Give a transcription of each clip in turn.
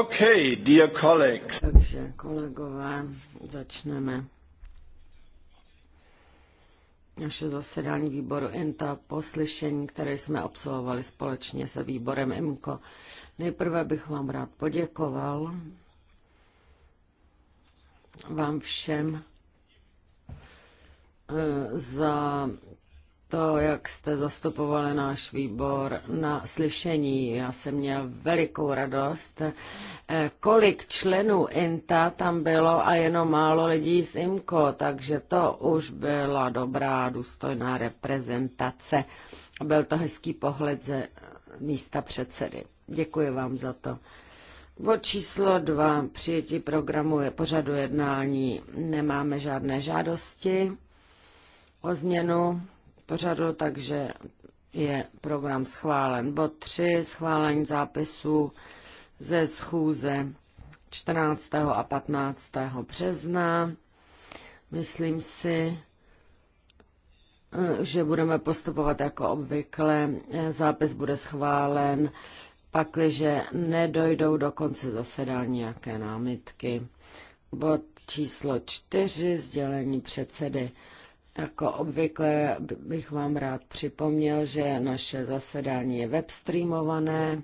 Okay, dear colleagues. Takže kolegové, začneme. Naše zasedání výboru INTA, slyšení, které jsme absolvovali společně se výborem IMCO. Nejprve bych vám rád poděkoval vám všem eh, za to, jak jste zastupovali náš výbor na slyšení. Já jsem měl velikou radost, eh, kolik členů INTA tam bylo a jenom málo lidí z IMCO, takže to už byla dobrá, důstojná reprezentace. Byl to hezký pohled ze místa předsedy. Děkuji vám za to. Bod číslo dva, přijetí programu je pořadu jednání. Nemáme žádné žádosti o změnu pořadu, takže je program schválen. Bod 3, schválení zápisu ze schůze 14. a 15. března. Myslím si, že budeme postupovat jako obvykle. Zápis bude schválen, pakliže nedojdou do konce zasedání nějaké námitky. Bod číslo 4, sdělení předsedy. Jako obvykle bych vám rád připomněl, že naše zasedání je webstreamované.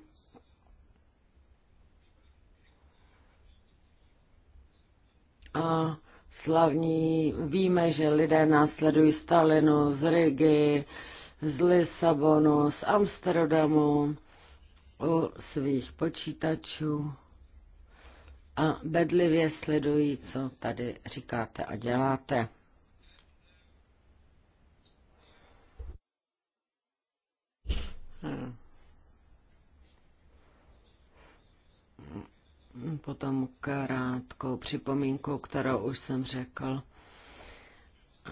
A slavní, víme, že lidé následují Stalinu z Rigi, z Lisabonu, z Amsterdamu, u svých počítačů a bedlivě sledují, co tady říkáte a děláte. Hmm. Potom krátkou připomínku, kterou už jsem řekl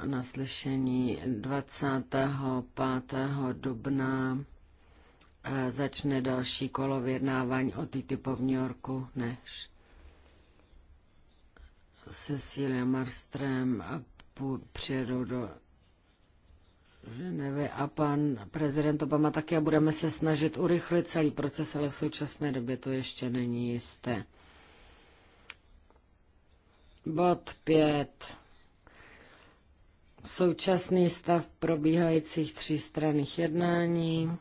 na slyšení 25. dubna eh, začne další kolo vyjednávání o TTIP v New Yorku, než Cecilia Marstrem přijedou do Ženevy a pan prezident Obama také budeme se snažit urychlit celý proces, ale v současné době to ještě není jisté. Bod 5. Současný stav probíhajících třístranných jednání.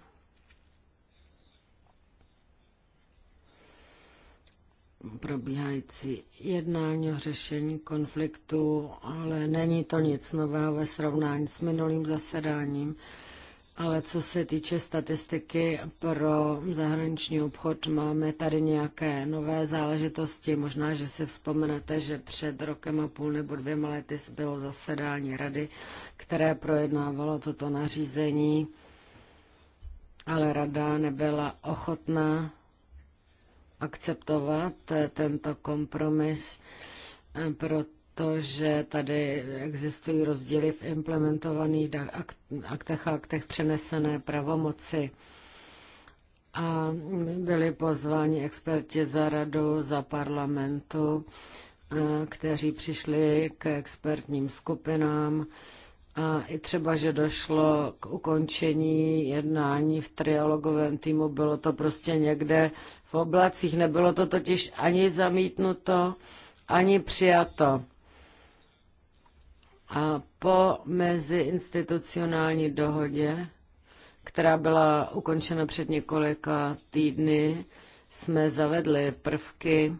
probíhající jednání o řešení konfliktu, ale není to nic nového ve srovnání s minulým zasedáním. Ale co se týče statistiky pro zahraniční obchod, máme tady nějaké nové záležitosti. Možná, že si vzpomenete, že před rokem a půl nebo dvěma lety bylo zasedání rady, které projednávalo toto nařízení, ale rada nebyla ochotná akceptovat tento kompromis, protože tady existují rozdíly v implementovaných aktech a aktech přenesené pravomoci. A byli pozváni experti za radu, za parlamentu, kteří přišli k expertním skupinám a i třeba, že došlo k ukončení jednání v trialogovém týmu, bylo to prostě někde v oblacích, nebylo to totiž ani zamítnuto, ani přijato. A po meziinstitucionální dohodě, která byla ukončena před několika týdny, jsme zavedli prvky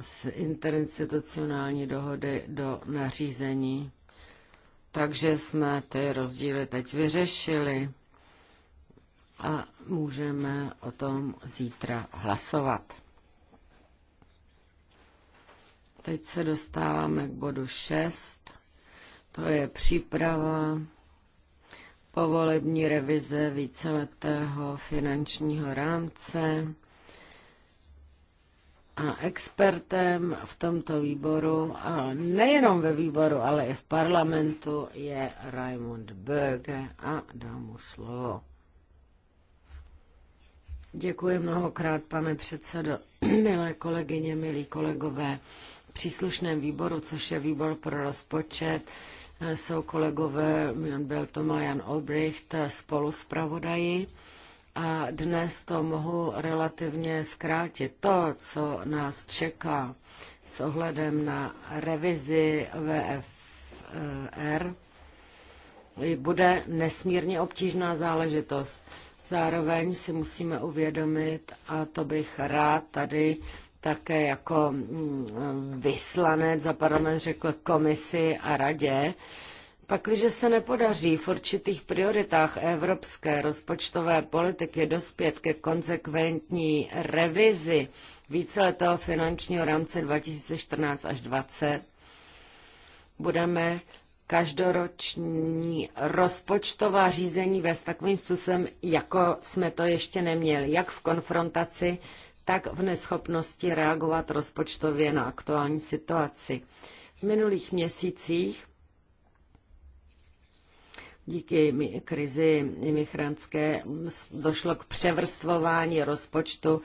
z interinstitucionální dohody do nařízení takže jsme ty rozdíly teď vyřešili a můžeme o tom zítra hlasovat. Teď se dostáváme k bodu 6. To je příprava povolební revize víceletého finančního rámce a expertem v tomto výboru, a nejenom ve výboru, ale i v parlamentu, je Raimund Böge a dám mu slovo. Děkuji mnohokrát, pane předsedo, milé kolegyně, milí kolegové. V příslušném výboru, což je výbor pro rozpočet, eh, jsou kolegové Byl to Jan Obricht eh, spolu zpravodaji a dnes to mohu relativně zkrátit. To, co nás čeká s ohledem na revizi VFR, bude nesmírně obtížná záležitost. Zároveň si musíme uvědomit, a to bych rád tady také jako mm, vyslanec za parlament řekl komisi a radě, Pakliže se nepodaří v určitých prioritách evropské rozpočtové politiky dospět ke konsekventní revizi víceletého finančního rámce 2014 až 2020, budeme každoroční rozpočtová řízení vést takovým způsobem, jako jsme to ještě neměli, jak v konfrontaci, tak v neschopnosti reagovat rozpočtově na aktuální situaci. V minulých měsících díky krizi imigrantské došlo k převrstvování rozpočtu,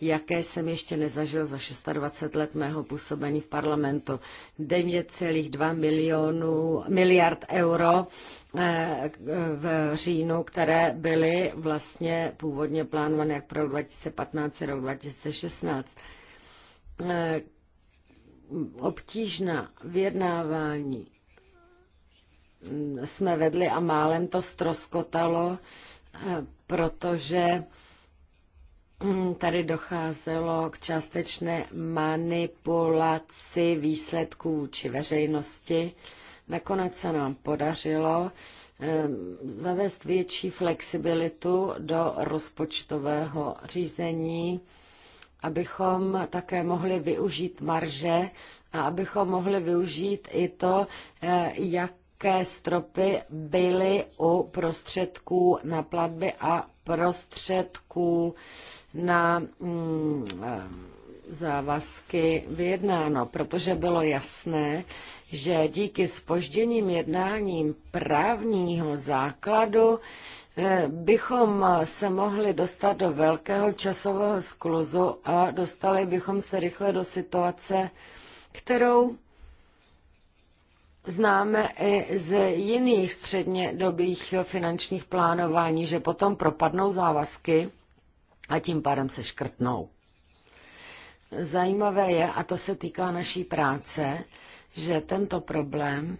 jaké jsem ještě nezažil za 26 let mého působení v parlamentu. 9,2 milionů, miliard euro eh, v říjnu, které byly vlastně původně plánované jak pro 2015 rok 2016 eh, obtížná vyjednávání jsme vedli a málem to stroskotalo, eh, protože hm, tady docházelo k částečné manipulaci výsledků či veřejnosti. Nakonec se nám podařilo ehm, zavést větší flexibilitu do rozpočtového řízení, abychom také mohli využít marže a abychom mohli využít i to, eh, jak jaké stropy byly u prostředků na platby a prostředků na mm, eh, závazky vyjednáno, protože bylo jasné, že díky spožděním jednáním právního základu eh, bychom se mohli dostat do velkého časového skluzu a dostali bychom se rychle do situace, kterou známe i z jiných střednědobých finančních plánování, že potom propadnou závazky a tím pádem se škrtnou. Zajímavé je, a to se týká naší práce, že tento problém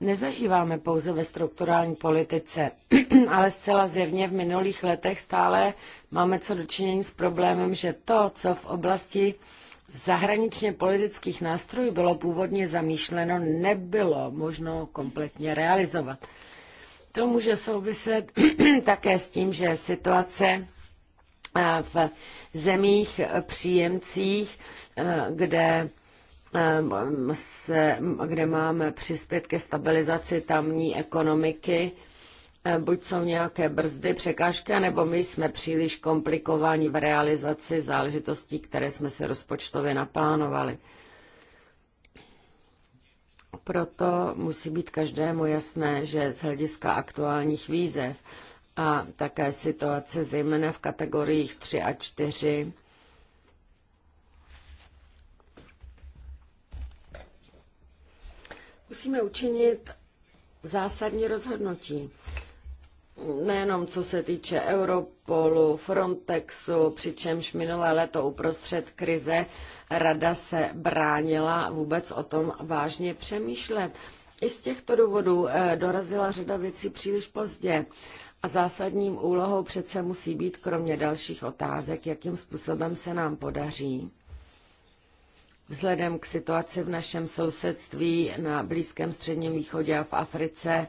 nezažíváme pouze ve strukturální politice, ale zcela zjevně v minulých letech stále máme co dočinění s problémem, že to, co v oblasti zahraničně politických nástrojů bylo původně zamýšleno, nebylo možno kompletně realizovat. To může souviset také s tím, že situace v zemích příjemcích, kde, se, kde máme přispět ke stabilizaci tamní ekonomiky, Eh, buď jsou nějaké brzdy, překážky, nebo my jsme příliš komplikováni v realizaci záležitostí, které jsme se rozpočtově naplánovali. Proto musí být každému jasné, že z hlediska aktuálních výzev a také situace zejména v kategoriích 3 a 4 musíme učinit zásadní rozhodnutí nejenom co se týče Europolu, Frontexu, přičemž minulé léto uprostřed krize rada se bránila vůbec o tom vážně přemýšlet. I z těchto důvodů eh, dorazila řada věcí příliš pozdě. A zásadním úlohou přece musí být, kromě dalších otázek, jakým způsobem se nám podaří vzhledem k situaci v našem sousedství na Blízkém středním východě a v Africe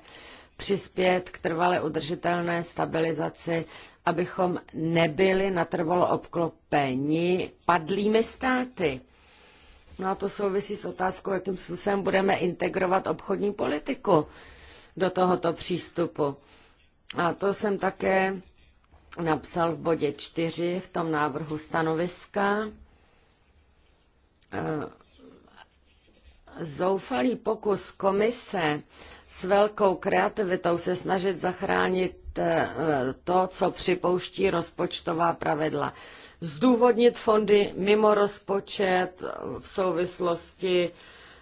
přispět k trvale udržitelné stabilizaci, abychom nebyli natrvalo obklopeni padlými státy. No a to souvisí s otázkou, jakým způsobem budeme integrovat obchodní politiku do tohoto přístupu. A to jsem také napsal v bodě 4 v tom návrhu stanoviska. E, zoufalý pokus komise s velkou kreativitou se snažit zachránit eh, to, co připouští rozpočtová pravidla. Zdůvodnit fondy mimo rozpočet eh, v souvislosti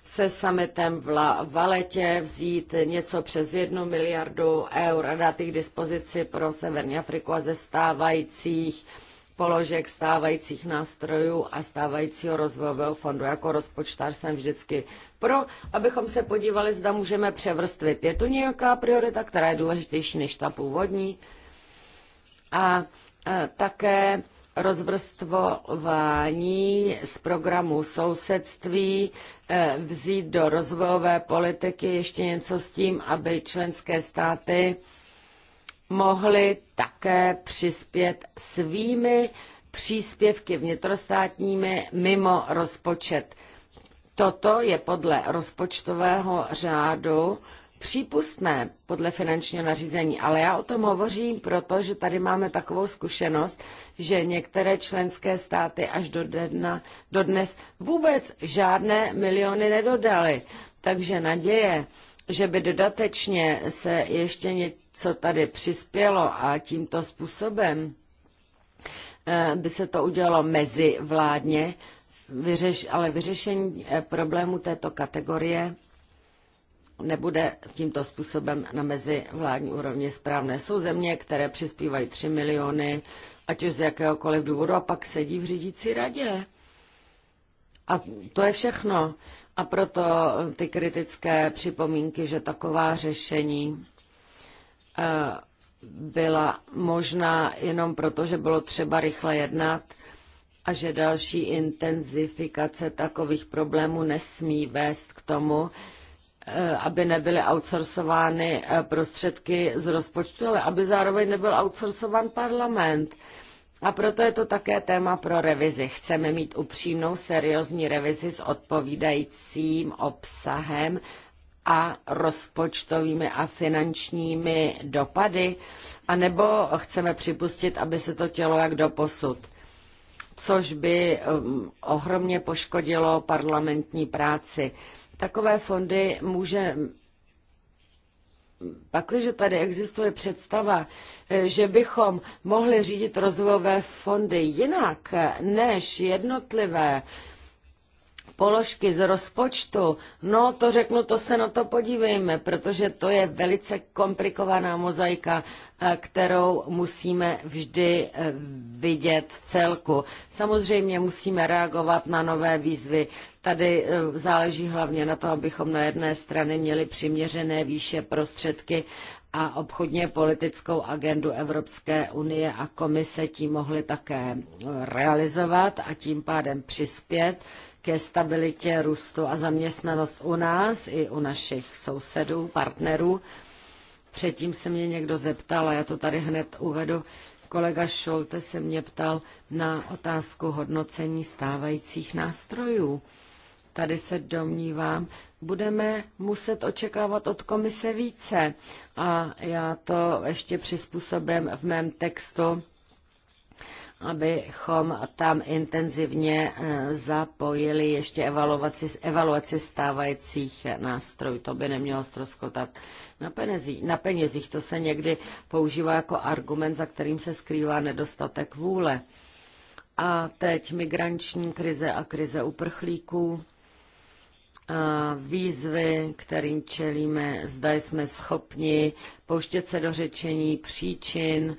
se summitem v La Valetě, vzít něco přes jednu miliardu eur a dát jich k dispozici pro Severní Afriku a ze stávajících položek stávajících nástrojů a stávajícího rozvojového fondu. Jako rozpočtář jsem vždycky pro, abychom se podívali, zda můžeme převrstvit. Je tu nějaká priorita, která je důležitější než ta původní? A, e, také rozvrstvování z programu sousedství, e, vzít do rozvojové politiky ještě něco s tím, aby členské státy mohli také přispět svými příspěvky vnitrostátními mimo rozpočet. Toto je podle rozpočtového řádu přípustné podle finančního nařízení, ale já o tom hovořím proto, že tady máme takovou zkušenost, že některé členské státy až do, dna, do dnes vůbec žádné miliony nedodaly. Takže naděje, že by dodatečně se ještě něco tady přispělo a tímto způsobem eh, by se to udělalo mezivládně, vyřeš, ale vyřešení eh, problému této kategorie nebude tímto způsobem na mezivládní úrovni správné. Jsou země, které přispívají 3 miliony, ať už z jakéhokoliv důvodu, a pak sedí v řídící radě. A to je všechno. A proto ty kritické připomínky, že taková řešení eh, byla možná jenom proto, že bylo třeba rychle jednat a že další intenzifikace takových problémů nesmí vést k tomu, eh, aby nebyly outsourcovány eh, prostředky z rozpočtu, ale aby zároveň nebyl outsourcován parlament. A proto je to také téma pro revizi. Chceme mít upřímnou, seriózní revizi s odpovídajícím obsahem a rozpočtovými a finančními dopady, anebo chceme připustit, aby se to tělo jak do posud, což by um, ohromně poškodilo parlamentní práci. Takové fondy může, pakliže tady existuje představa, eh, že bychom mohli řídit rozvojové fondy jinak eh, než jednotlivé položky z rozpočtu, no to řeknu, to se na to podívejme, protože to je velice komplikovaná mozaika, eh, kterou musíme vždy eh, vidět v celku. Samozřejmě musíme reagovat na nové výzvy. Tady eh, záleží hlavně na to, abychom na jedné straně měli přiměřené výše prostředky a obchodně politickou agendu Evropské unie a komise tím mohly také realizovat a tím pádem přispět ke stabilitě růstu a zaměstnanost u nás i u našich sousedů, partnerů. Předtím se mě někdo zeptal, a já to tady hned uvedu, kolega Šolte se mě ptal na otázku hodnocení stávajících nástrojů. Tady se domnívám, budeme muset očekávat od komise více. A já to ještě přizpůsobím v mém textu abychom tam intenzivně eh, zapojili ještě evaluaci, evaluaci stávajících eh, nástrojů. To by nemělo stroskotat na penězích. Na penězích to se někdy používá jako argument, za kterým se skrývá nedostatek vůle. A teď migranční krize a krize uprchlíků, a výzvy, kterým čelíme, zda jsme schopni pouštět se do řečení příčin,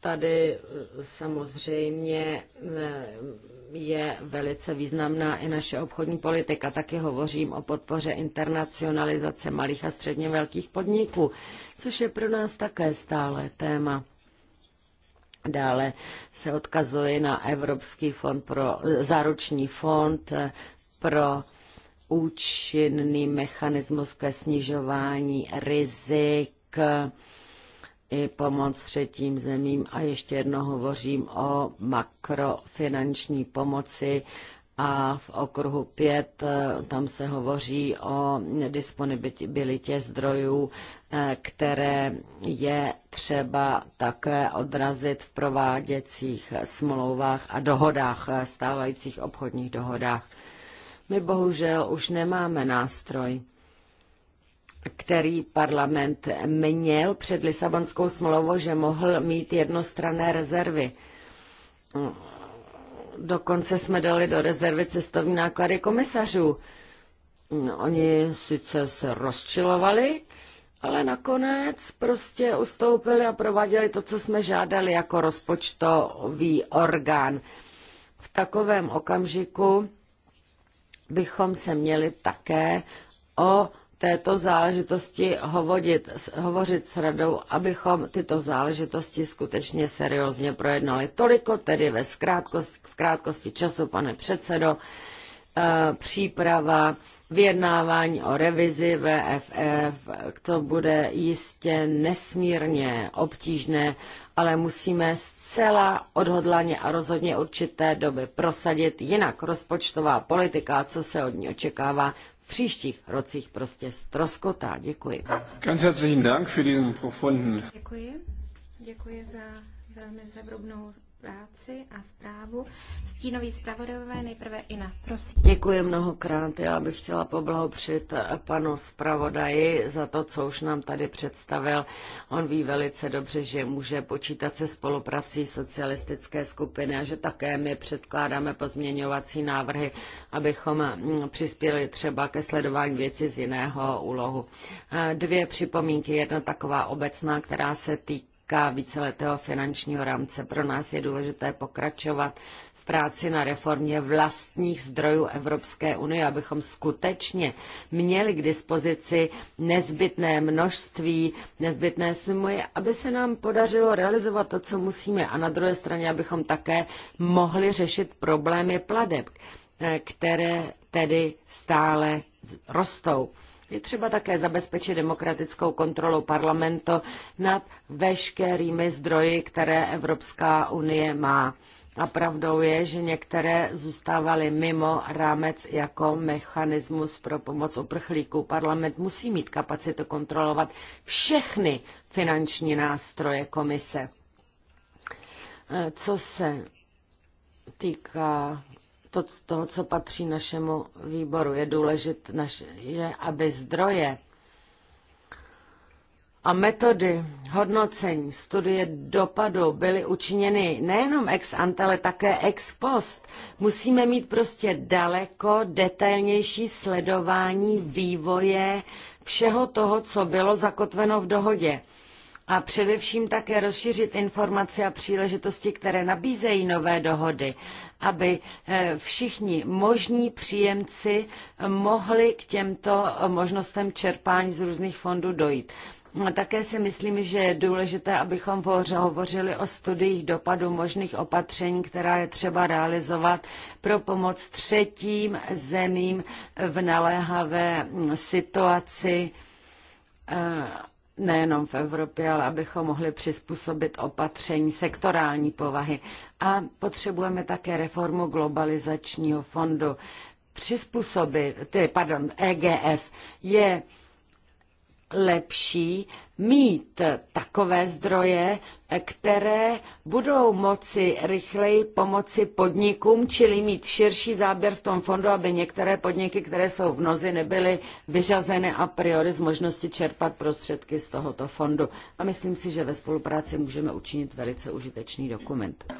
Tady eh, samozřejmě eh, je velice významná i naše obchodní politika. Taky hovořím o podpoře internacionalizace malých a středně velkých podniků, což je pro nás také stále téma. Dále se odkazuje na Evropský fond pro eh, záruční fond pro účinný mechanismus ke snižování rizik i pomoc třetím zemím a ještě jedno hovořím o makrofinanční pomoci a v okruhu 5 eh, tam se hovoří o disponibilitě zdrojů, eh, které je třeba také odrazit v prováděcích smlouvách a dohodách, eh, stávajících obchodních dohodách. My bohužel už nemáme nástroj, který parlament měl před Lisabonskou smlouvou, že mohl mít jednostranné rezervy. Dokonce jsme dali do rezervy cestovní náklady komisařů. Oni sice se rozčilovali, ale nakonec prostě ustoupili a prováděli to, co jsme žádali jako rozpočtový orgán. V takovém okamžiku bychom se měli také o této záležitosti hovodit, hovořit s radou, abychom tyto záležitosti skutečně seriózně projednali. Toliko tedy ve zkrátkosti, v krátkosti času, pane předsedo, e, příprava vyjednávání o revizi VFF, to bude jistě nesmírně obtížné, ale musíme zcela odhodlaně a rozhodně určité doby prosadit, jinak rozpočtová politika, co se od ní očekává, příštích rocích prostě stroskotá. Děkuji. Ganz herzlichen Dank für diesen profunden. Děkuji. Děkuji za velmi zevrubnou práci a zprávu. Stínový zpravodajové nejprve Ina, prosím. Děkuji mnohokrát. Já bych chtěla poblahopřit eh, panu zpravodaji za to, co už nám tady představil. On ví velice dobře, že může počítat se spoluprací socialistické skupiny a že také my předkládáme pozměňovací návrhy, abychom mm, přispěli třeba ke sledování věci z jiného úlohu. Eh, dvě připomínky. Jedna taková obecná, která se týká týká víceletého finančního rámce. Pro nás je důležité pokračovat v práci na reformě vlastních zdrojů Evropské unie, abychom skutečně měli k dispozici nezbytné množství, nezbytné sumy, aby se nám podařilo realizovat to, co musíme. A na druhé straně, abychom také mohli řešit problémy pladeb, eh, které tedy stále rostou. Je třeba také zabezpečit demokratickou kontrolu parlamentu nad veškerými zdroji, které Evropská unie má. A pravdou je, že některé zůstávaly mimo rámec jako mechanismus pro pomoc uprchlíků. Parlament musí mít kapacitu kontrolovat všechny finanční nástroje komise. Eh, co se týká to, to co patří našemu výboru. Je důležité, naš, je, aby zdroje a metody hodnocení studie dopadu byly učiněny nejenom ex ante, ale také ex post. Musíme mít prostě daleko detailnější sledování vývoje všeho toho, co bylo zakotveno v dohodě a především také rozšířit informace a příležitosti, které nabízejí nové dohody, aby eh, všichni možní příjemci mohli k těmto možnostem čerpání z různých fondů dojít. Také si myslím, že je důležité, abychom hovořili o studiích dopadu možných opatření, která je třeba realizovat pro pomoc třetím zemím v naléhavé mm, situaci eh, nejenom v Evropě, ale abychom mohli přizpůsobit opatření sektorální povahy. A potřebujeme také reformu globalizačního fondu. Přizpůsobit, tedy, pardon, EGF je lepší mít takové zdroje, které budou moci rychleji pomoci podnikům, čili mít širší záběr v tom fondu, aby některé podniky, které jsou v nozi, nebyly vyřazeny a priori z možnosti čerpat prostředky z tohoto fondu. A myslím si, že ve spolupráci můžeme učinit velice užitečný dokument.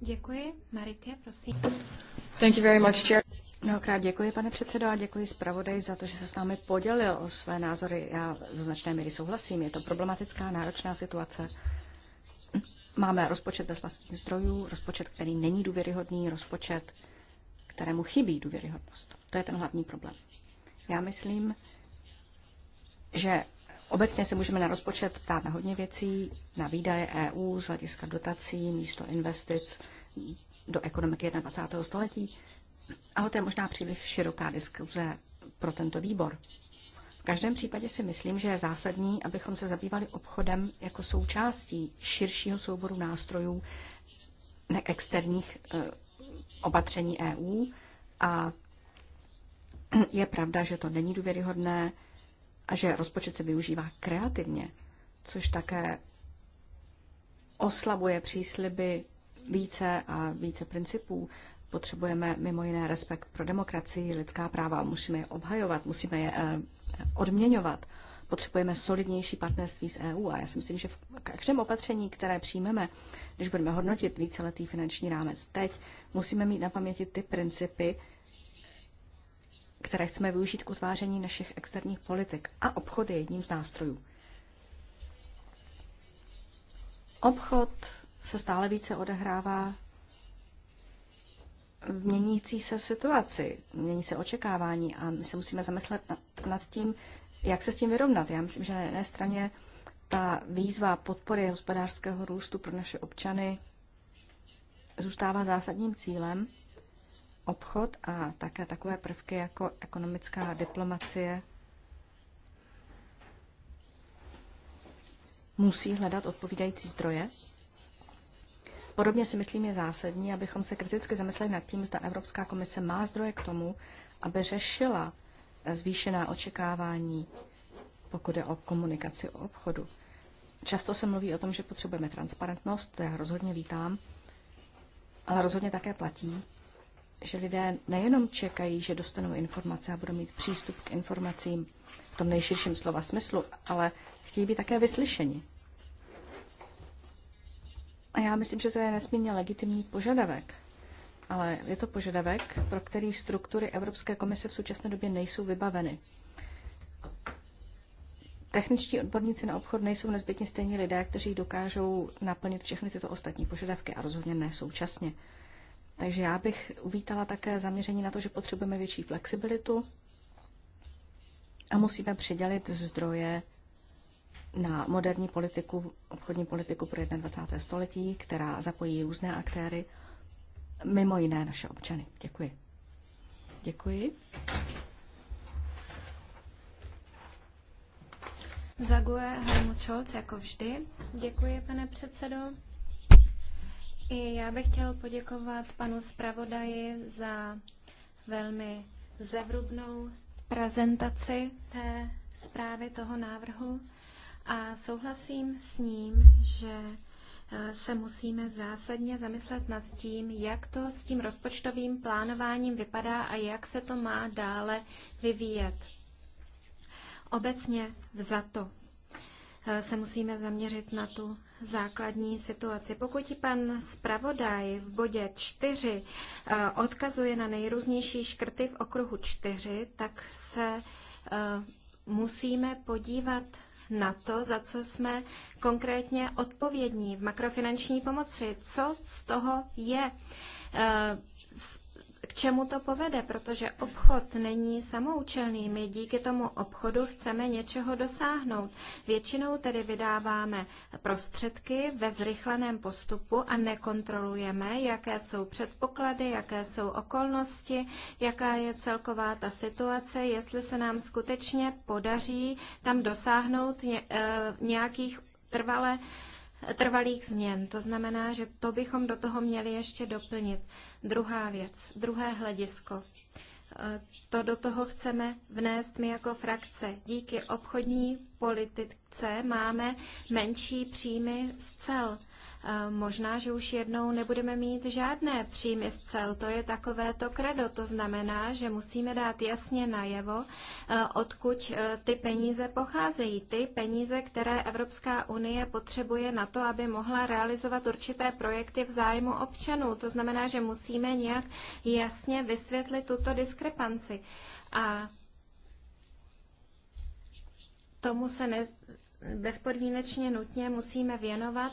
Děkuji. Maritě, prosím. Thank you very much, Chair. Mnohokrát děkuji, pane předsedo, a děkuji zpravodaj za to, že se s námi podělil o své názory. Já do značné míry souhlasím. Je to problematická, náročná situace. Máme rozpočet bez vlastních zdrojů, rozpočet, který není důvěryhodný, rozpočet, kterému chybí důvěryhodnost. To je ten hlavní problém. Já myslím, že obecně se můžeme na rozpočet ptát na hodně věcí, na výdaje EU z hlediska dotací, místo investic do ekonomiky 21. století. Ale to je možná příliš široká diskuze pro tento výbor. V každém případě si myslím, že je zásadní, abychom se zabývali obchodem jako součástí širšího souboru nástrojů externích eh, opatření EU a je pravda, že to není důvěryhodné a že rozpočet se využívá kreativně, což také oslabuje přísliby více a více principů Potřebujeme mimo jiné respekt pro demokracii, lidská práva, musíme je obhajovat, musíme je eh, odměňovat. Potřebujeme solidnější partnerství s EU a já si myslím, že v každém opatření, které přijmeme, když budeme hodnotit víceletý finanční rámec teď, musíme mít na paměti ty principy, které chceme využít k utváření našich externích politik. A obchod je jedním z nástrojů. Obchod se stále více odehrává v měnící se situaci, mění se očekávání a my se musíme zamyslet nad tím, jak se s tím vyrovnat. Já myslím, že na jedné straně ta výzva podpory hospodářského růstu pro naše občany zůstává zásadním cílem. Obchod a také takové prvky jako ekonomická diplomacie musí hledat odpovídající zdroje Podobně si myslím je zásadní, abychom se kriticky zamysleli nad tím, zda Evropská komise má zdroje k tomu, aby řešila eh, zvýšená očekávání, pokud je o komunikaci o obchodu. Často se mluví o tom, že potřebujeme transparentnost, to já rozhodně vítám, ale rozhodně také platí, že lidé nejenom čekají, že dostanou informace a budou mít přístup k informacím v tom nejširším slova smyslu, ale chtějí být také vyslyšeni. A já myslím, že to je nesmírně legitimní požadavek. Ale je to požadavek, pro který struktury Evropské komise v současné době nejsou vybaveny. Techničtí odborníci na obchod nejsou nezbytně stejní lidé, kteří dokážou naplnit všechny tyto ostatní požadavky a rozhodně ne současně. Takže já bych uvítala také zaměření na to, že potřebujeme větší flexibilitu a musíme přidělit zdroje na moderní politiku, obchodní politiku pro 21. století, která zapojí různé aktéry, mimo jiné naše občany. Děkuji. Děkuji. Zaguje Helmut Scholz, jako vždy. Děkuji, pane předsedo. I já bych chtěl poděkovat panu zpravodaji za velmi zevrubnou prezentaci té zprávy toho návrhu. A souhlasím s ním, že eh, se musíme zásadně zamyslet nad tím, jak to s tím rozpočtovým plánováním vypadá a jak se to má dále vyvíjet. Obecně to, eh, se musíme zaměřit na tu základní situaci. Pokud pan zpravodaj v bodě 4 eh, odkazuje na nejrůznější škrty v okruhu 4, tak se musíme podívat na to, za co jsme konkrétně odpovědní v makrofinanční pomoci. Co z toho je? Eh, k čemu to povede, protože obchod není samoučelný. My díky tomu obchodu chceme něčeho dosáhnout. Většinou tedy vydáváme prostředky ve zrychleném postupu a nekontrolujeme, jaké jsou předpoklady, jaké jsou okolnosti, jaká je celková ta situace, jestli se nám skutečně podaří tam dosáhnout eh, nějakých trvale trvalých změn. To znamená, že to bychom do toho měli ještě doplnit. Druhá věc, druhé hledisko. Eh, to do toho chceme vnést my jako frakce. Díky obchodní politice máme menší příjmy z cel. Možná, že už jednou nebudeme mít žádné příjmy z cel. To je takové to kredo. To znamená, že musíme dát jasně najevo, e, odkud e, ty peníze pocházejí. Ty peníze, které Evropská unie potřebuje na to, aby mohla realizovat určité projekty v zájmu občanů. To znamená, že musíme nějak jasně vysvětlit tuto diskrepanci. A tomu se ne, bezpodmínečně nutně musíme věnovat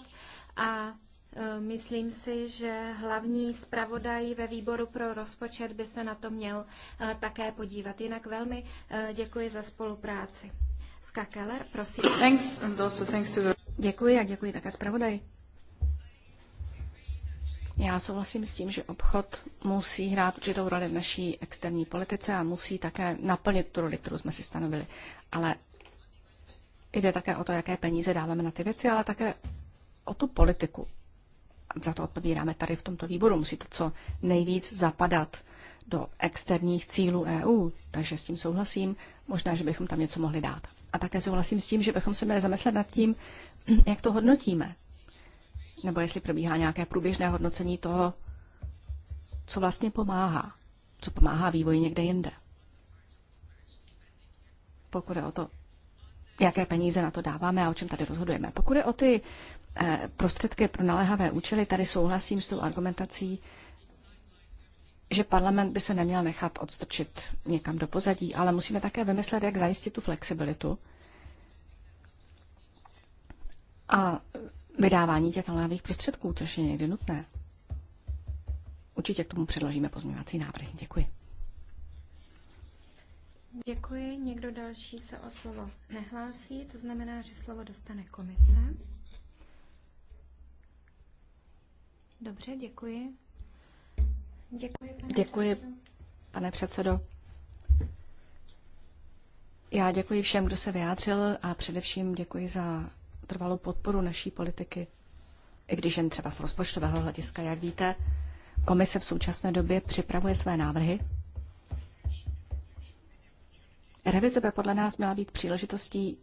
a e, Myslím si, že hlavní zpravodaj ve výboru pro rozpočet by se na to měl e, také podívat. Jinak velmi e, děkuji za spolupráci. Ska Keller, prosím. Thanks and also thanks to the... Děkuji a děkuji také zpravodaj. Já souhlasím s tím, že obchod musí hrát určitou roli v naší externí politice a musí také naplnit tu roli, kterou jsme si stanovili. Ale jde také o to, jaké peníze dáváme na ty věci, ale také o tu politiku. Za to odpovídáme tady v tomto výboru. Musí to co nejvíc zapadat do externích cílů EU, takže s tím souhlasím. Možná, že bychom tam něco mohli dát. A také souhlasím s tím, že bychom se měli zamyslet nad tím, jak to hodnotíme. Nebo jestli probíhá nějaké průběžné hodnocení toho, co vlastně pomáhá, co pomáhá vývoji někde jinde. Pokud je o to, jaké peníze na to dáváme a o čem tady rozhodujeme. Pokud je o ty Eh, prostředky pro naléhavé účely, tady souhlasím s tou argumentací, že parlament by se neměl nechat odstrčit někam do pozadí, ale musíme také vymyslet, jak zajistit tu flexibilitu a vydávání těch naléhavých prostředků, což je někdy nutné. Určitě k tomu předložíme pozměňovací návrhy. Děkuji. Děkuji. Někdo další se o slovo nehlásí, to znamená, že slovo dostane komise. Dobře, děkuji. Děkuji, pane děkuji, předsedo. Pane předsedo. Já děkuji všem, kdo se vyjádřil a především děkuji za trvalou podporu naší politiky. I když jen třeba z rozpočtového hlediska, jak víte, komise v současné době připravuje své návrhy. Revize by podle nás měla být příležitostí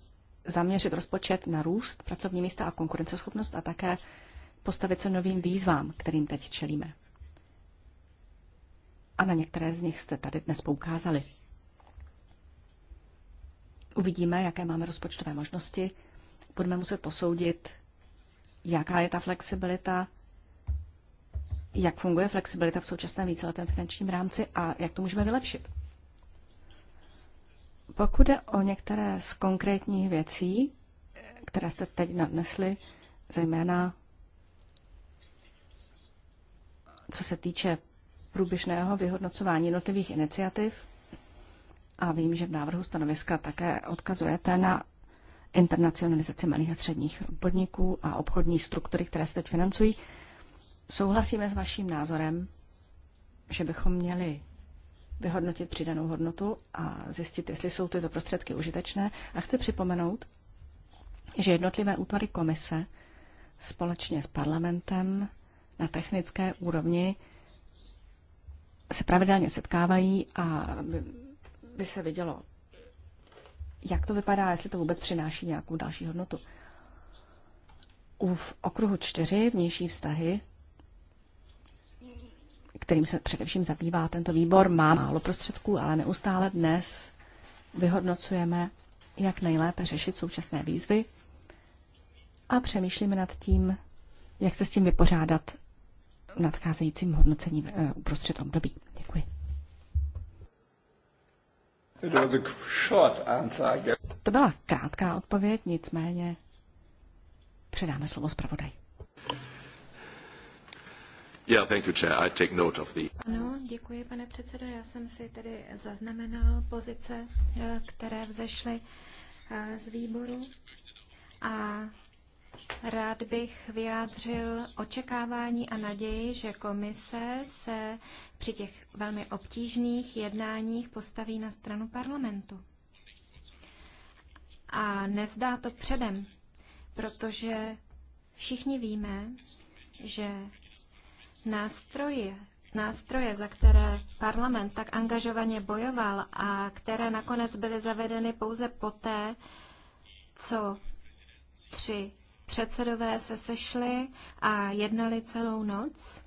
zaměřit rozpočet na růst, pracovní místa a konkurenceschopnost a také postavit se novým výzvám, kterým teď čelíme. A na některé z nich jste tady dnes poukázali. Uvidíme, jaké máme rozpočtové možnosti. Budeme muset posoudit, jaká je ta flexibilita, jak funguje flexibilita v současném víceletém finančním rámci a jak to můžeme vylepšit. Pokud je o některé z konkrétních věcí, které jste teď nadnesli, zejména co se týče průběžného vyhodnocování jednotlivých iniciativ. A vím, že v návrhu stanoviska také odkazujete na internacionalizaci malých a středních podniků a obchodní struktury, které se teď financují. Souhlasíme s vaším názorem, že bychom měli vyhodnotit přidanou hodnotu a zjistit, jestli jsou tyto prostředky užitečné. A chci připomenout, že jednotlivé útvary komise společně s parlamentem na technické úrovni se pravidelně setkávají a by se vidělo, jak to vypadá, jestli to vůbec přináší nějakou další hodnotu. U v okruhu čtyři vnější vztahy, kterým se především zabývá tento výbor, má málo prostředků, ale neustále dnes vyhodnocujeme, jak nejlépe řešit současné výzvy a přemýšlíme nad tím, jak se s tím vypořádat nadcházejícím hodnocení eh, uprostřed období. Děkuji. To byla krátká odpověď, nicméně předáme slovo zpravodaj. Yeah, thank you, Chair. I take note of the... Ano, děkuji, pane předsedo. Já jsem si tedy zaznamenal pozice, eh, které vzešly eh, z výboru. A Rád bych vyjádřil očekávání a naději, že komise se při těch velmi obtížných jednáních postaví na stranu parlamentu. A nevzdá to předem, protože všichni víme, že nástroje, nástroje, za které parlament tak angažovaně bojoval a které nakonec byly zavedeny pouze poté, co tři Předsedové se sešli a jednali celou noc.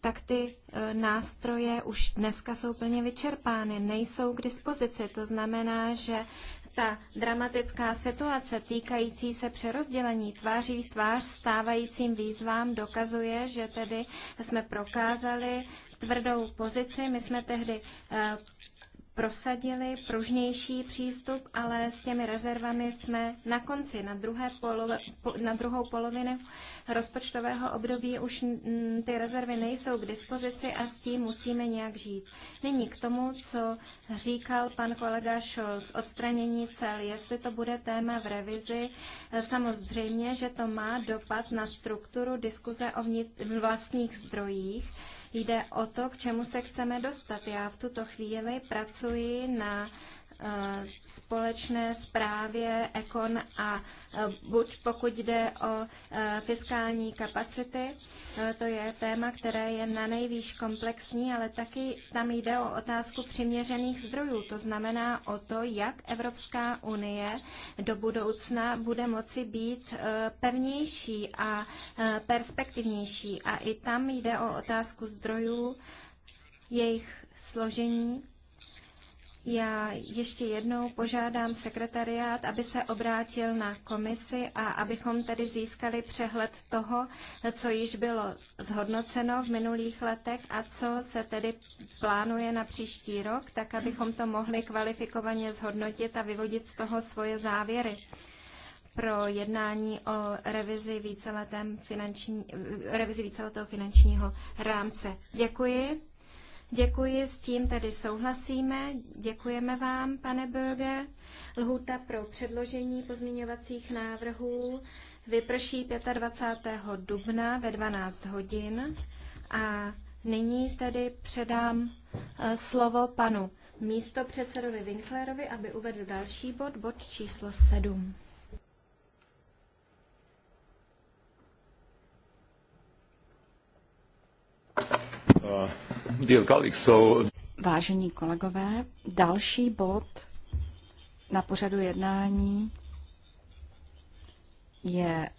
Tak ty e, nástroje už dneska jsou plně vyčerpány, nejsou k dispozici. To znamená, že ta dramatická situace týkající se přerozdělení tváří v tvář stávajícím výzvám dokazuje, že tedy jsme prokázali tvrdou pozici. My jsme tehdy e, prosadili pružnější přístup, ale s těmi rezervami jsme na konci, na, druhé polovi, na druhou polovinu rozpočtového období už ty rezervy nejsou k dispozici a s tím musíme nějak žít. Nyní k tomu, co říkal pan kolega Scholz, odstranění cel, jestli to bude téma v revizi, eh, samozřejmě, že to má dopad na strukturu diskuze o vlastních zdrojích, Jde o to, k čemu se chceme dostat. Já v tuto chvíli pracuji na Eh, společné zprávě Ekon a eh, buď pokud jde o eh, fiskální kapacity. To je téma, které je na nejvýš komplexní, ale taky tam jde o otázku přiměřených zdrojů. To znamená o to, jak Evropská unie do budoucna bude moci být pevnější a perspektivnější. A i tam jde o otázku zdrojů, jejich složení já ještě jednou požádám sekretariát, aby se obrátil na komisi a abychom tedy získali přehled toho, co již bylo zhodnoceno v minulých letech a co se tedy plánuje na příští rok, tak abychom to mohli kvalifikovaně zhodnotit a vyvodit z toho svoje závěry pro jednání o revizi, víceletém finanční, revizi víceletého finančního rámce. Děkuji. Děkuji, s tím tedy souhlasíme. Děkujeme vám, pane Böge. Lhuta pro předložení pozměňovacích návrhů vyprší 25. dubna ve 12 hodin. A nyní tedy předám eh, slovo panu místopředsedovi Winklerovi, aby uvedl další bod, bod číslo 7. Thank you. Uh, Vážení kolegové, další bod na pořadu jednání je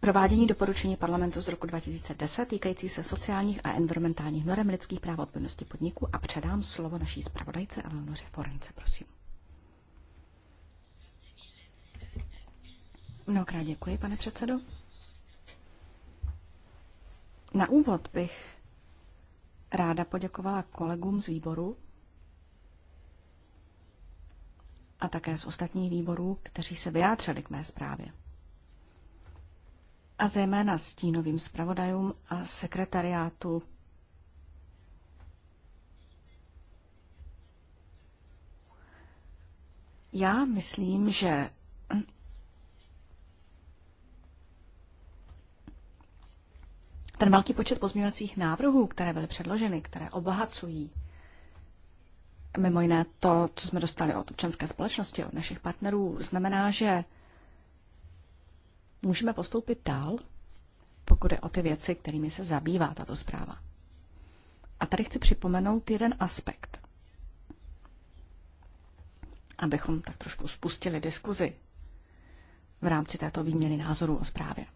provádění doporučení parlamentu z roku 2010 týkající se sociálních a environmentálních norm lidských práv odpovědnosti podniků a předám slovo naší zpravodajce Eleonoře Forence, prosím. Mnohokrát děkuji, pane předsedo. Na úvod bych ráda poděkovala kolegům z výboru a také z ostatních výborů, kteří se vyjádřili k mé zprávě. A zejména stínovým zpravodajům a sekretariátu Já myslím, že Ten velký počet pozměňovacích návrhů, které byly předloženy, které obohacují mimo jiné to, co jsme dostali od občanské společnosti, od našich partnerů, znamená, že můžeme postoupit dál, pokud je o ty věci, kterými se zabývá tato zpráva. A tady chci připomenout jeden aspekt, abychom tak trošku spustili diskuzi v rámci této výměny názorů o zprávě.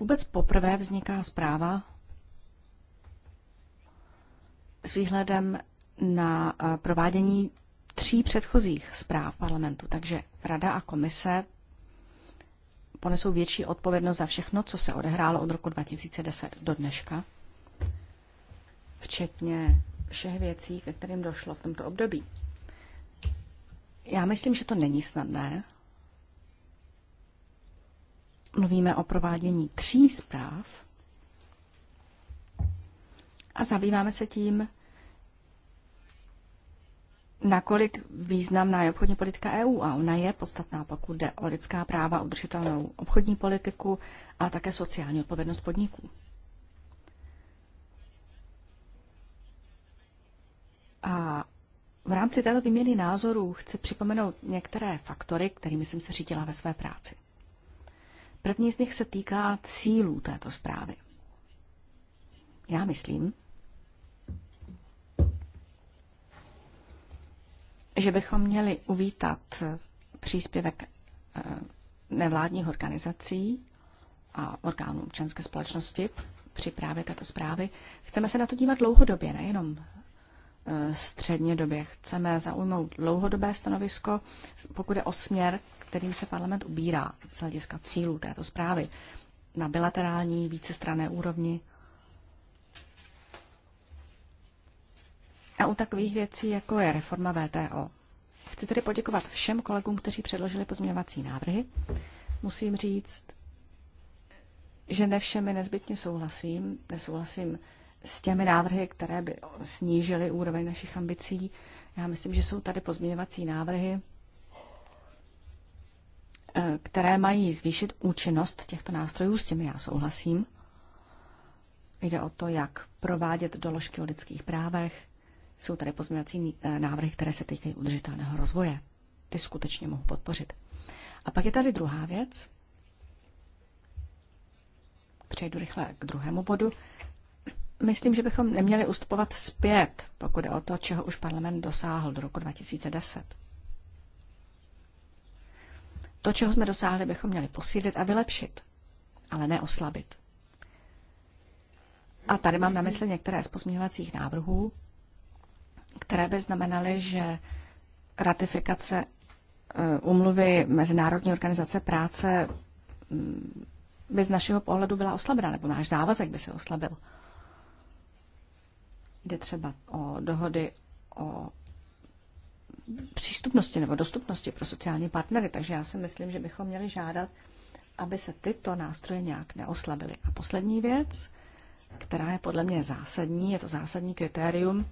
Vůbec poprvé vzniká zpráva s výhledem na eh, provádění tří předchozích zpráv parlamentu. Takže Rada a komise ponesou větší odpovědnost za všechno, co se odehrálo od roku 2010 do dneška, včetně všech věcí, ke kterým došlo v tomto období. Já myslím, že to není snadné, mluvíme o provádění tří zpráv a zabýváme se tím, nakolik významná je obchodní politika EU a ona je podstatná, pokud jde o lidská práva, udržitelnou obchodní politiku a také sociální odpovědnost podniků. A v rámci této výměny názorů chci připomenout některé faktory, kterými jsem se řídila ve své práci. První z nich se týká cílů této zprávy. Já myslím, že bychom měli uvítat příspěvek eh, nevládních organizací a orgánů občanské společnosti při právě této zprávy. Chceme se na to dívat dlouhodobě, nejenom eh, středně době. Chceme zaujmout dlouhodobé stanovisko, pokud je o směr, kterým se parlament ubírá z hlediska cílů této zprávy na bilaterální vícestrané úrovni. A u takových věcí, jako je reforma VTO. Chci tedy poděkovat všem kolegům, kteří předložili pozměňovací návrhy. Musím říct, že ne všemi nezbytně souhlasím. Nesouhlasím s těmi návrhy, které by snížily úroveň našich ambicí. Já myslím, že jsou tady pozměňovací návrhy, Eh, které mají zvýšit účinnost těchto nástrojů, s těmi já souhlasím. Jde o to, jak provádět doložky o lidských právech. Jsou tady pozměňovací eh, návrhy, které se týkají udržitelného rozvoje. Ty skutečně mohu podpořit. A pak je tady druhá věc. Přejdu rychle k druhému bodu. Myslím, že bychom neměli ustupovat zpět, pokud je o to, čeho už parlament dosáhl do roku 2010. To, čeho jsme dosáhli, bychom měli posílit a vylepšit, ale ne oslabit. A tady mám na mysli některé z pozměňovacích návrhů, které by znamenaly, že ratifikace umluvy eh, Mezinárodní organizace práce mm, by z našeho pohledu byla oslabena, nebo náš závazek by se oslabil. Jde třeba o dohody o přístupnosti nebo dostupnosti pro sociální partnery. Takže já si myslím, že bychom měli žádat, aby se tyto nástroje nějak neoslabily. A poslední věc, která je podle mě zásadní, je to zásadní kritérium,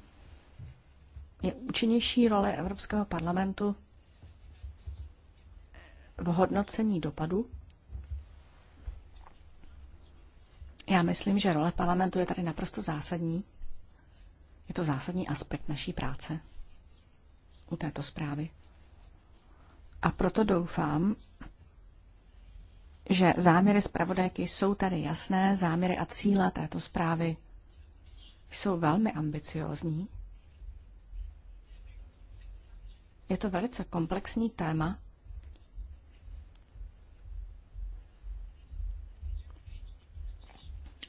je účinnější role Evropského parlamentu v hodnocení dopadu. Já myslím, že role parlamentu je tady naprosto zásadní. Je to zásadní aspekt naší práce u této zprávy. A proto doufám, že záměry zpravodajky jsou tady jasné, záměry a cíle této zprávy jsou velmi ambiciózní. Je to velice komplexní téma,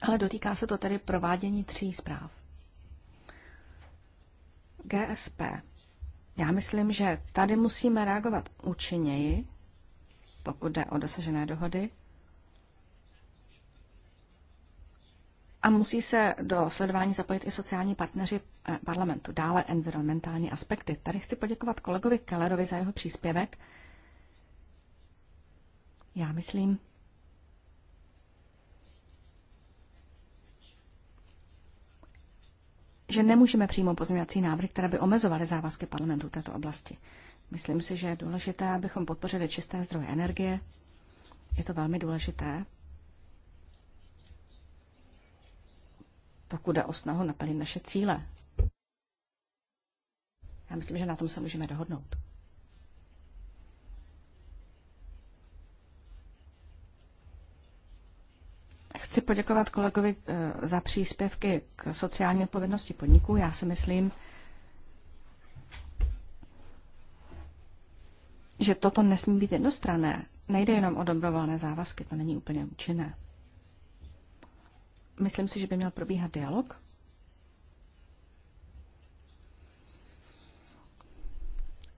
ale dotýká se to tedy provádění tří zpráv. GSP já myslím, že tady musíme reagovat účinněji, pokud jde o dosažené dohody. A musí se do sledování zapojit i sociální partneři eh, parlamentu, dále environmentální aspekty. Tady chci poděkovat kolegovi Kellerovi za jeho příspěvek. Já myslím, že nemůžeme přijmout pozměňovací návrhy, které by omezovaly závazky parlamentu v této oblasti. Myslím si, že je důležité, abychom podpořili čisté zdroje energie. Je to velmi důležité, pokud jde o snahu naplnit naše cíle. Já myslím, že na tom se můžeme dohodnout. Chci poděkovat kolegovi eh, za příspěvky k sociální odpovědnosti podniků. Já si myslím, že toto nesmí být jednostrané. Nejde jenom o dobrovolné závazky, to není úplně účinné. Myslím si, že by měl probíhat dialog.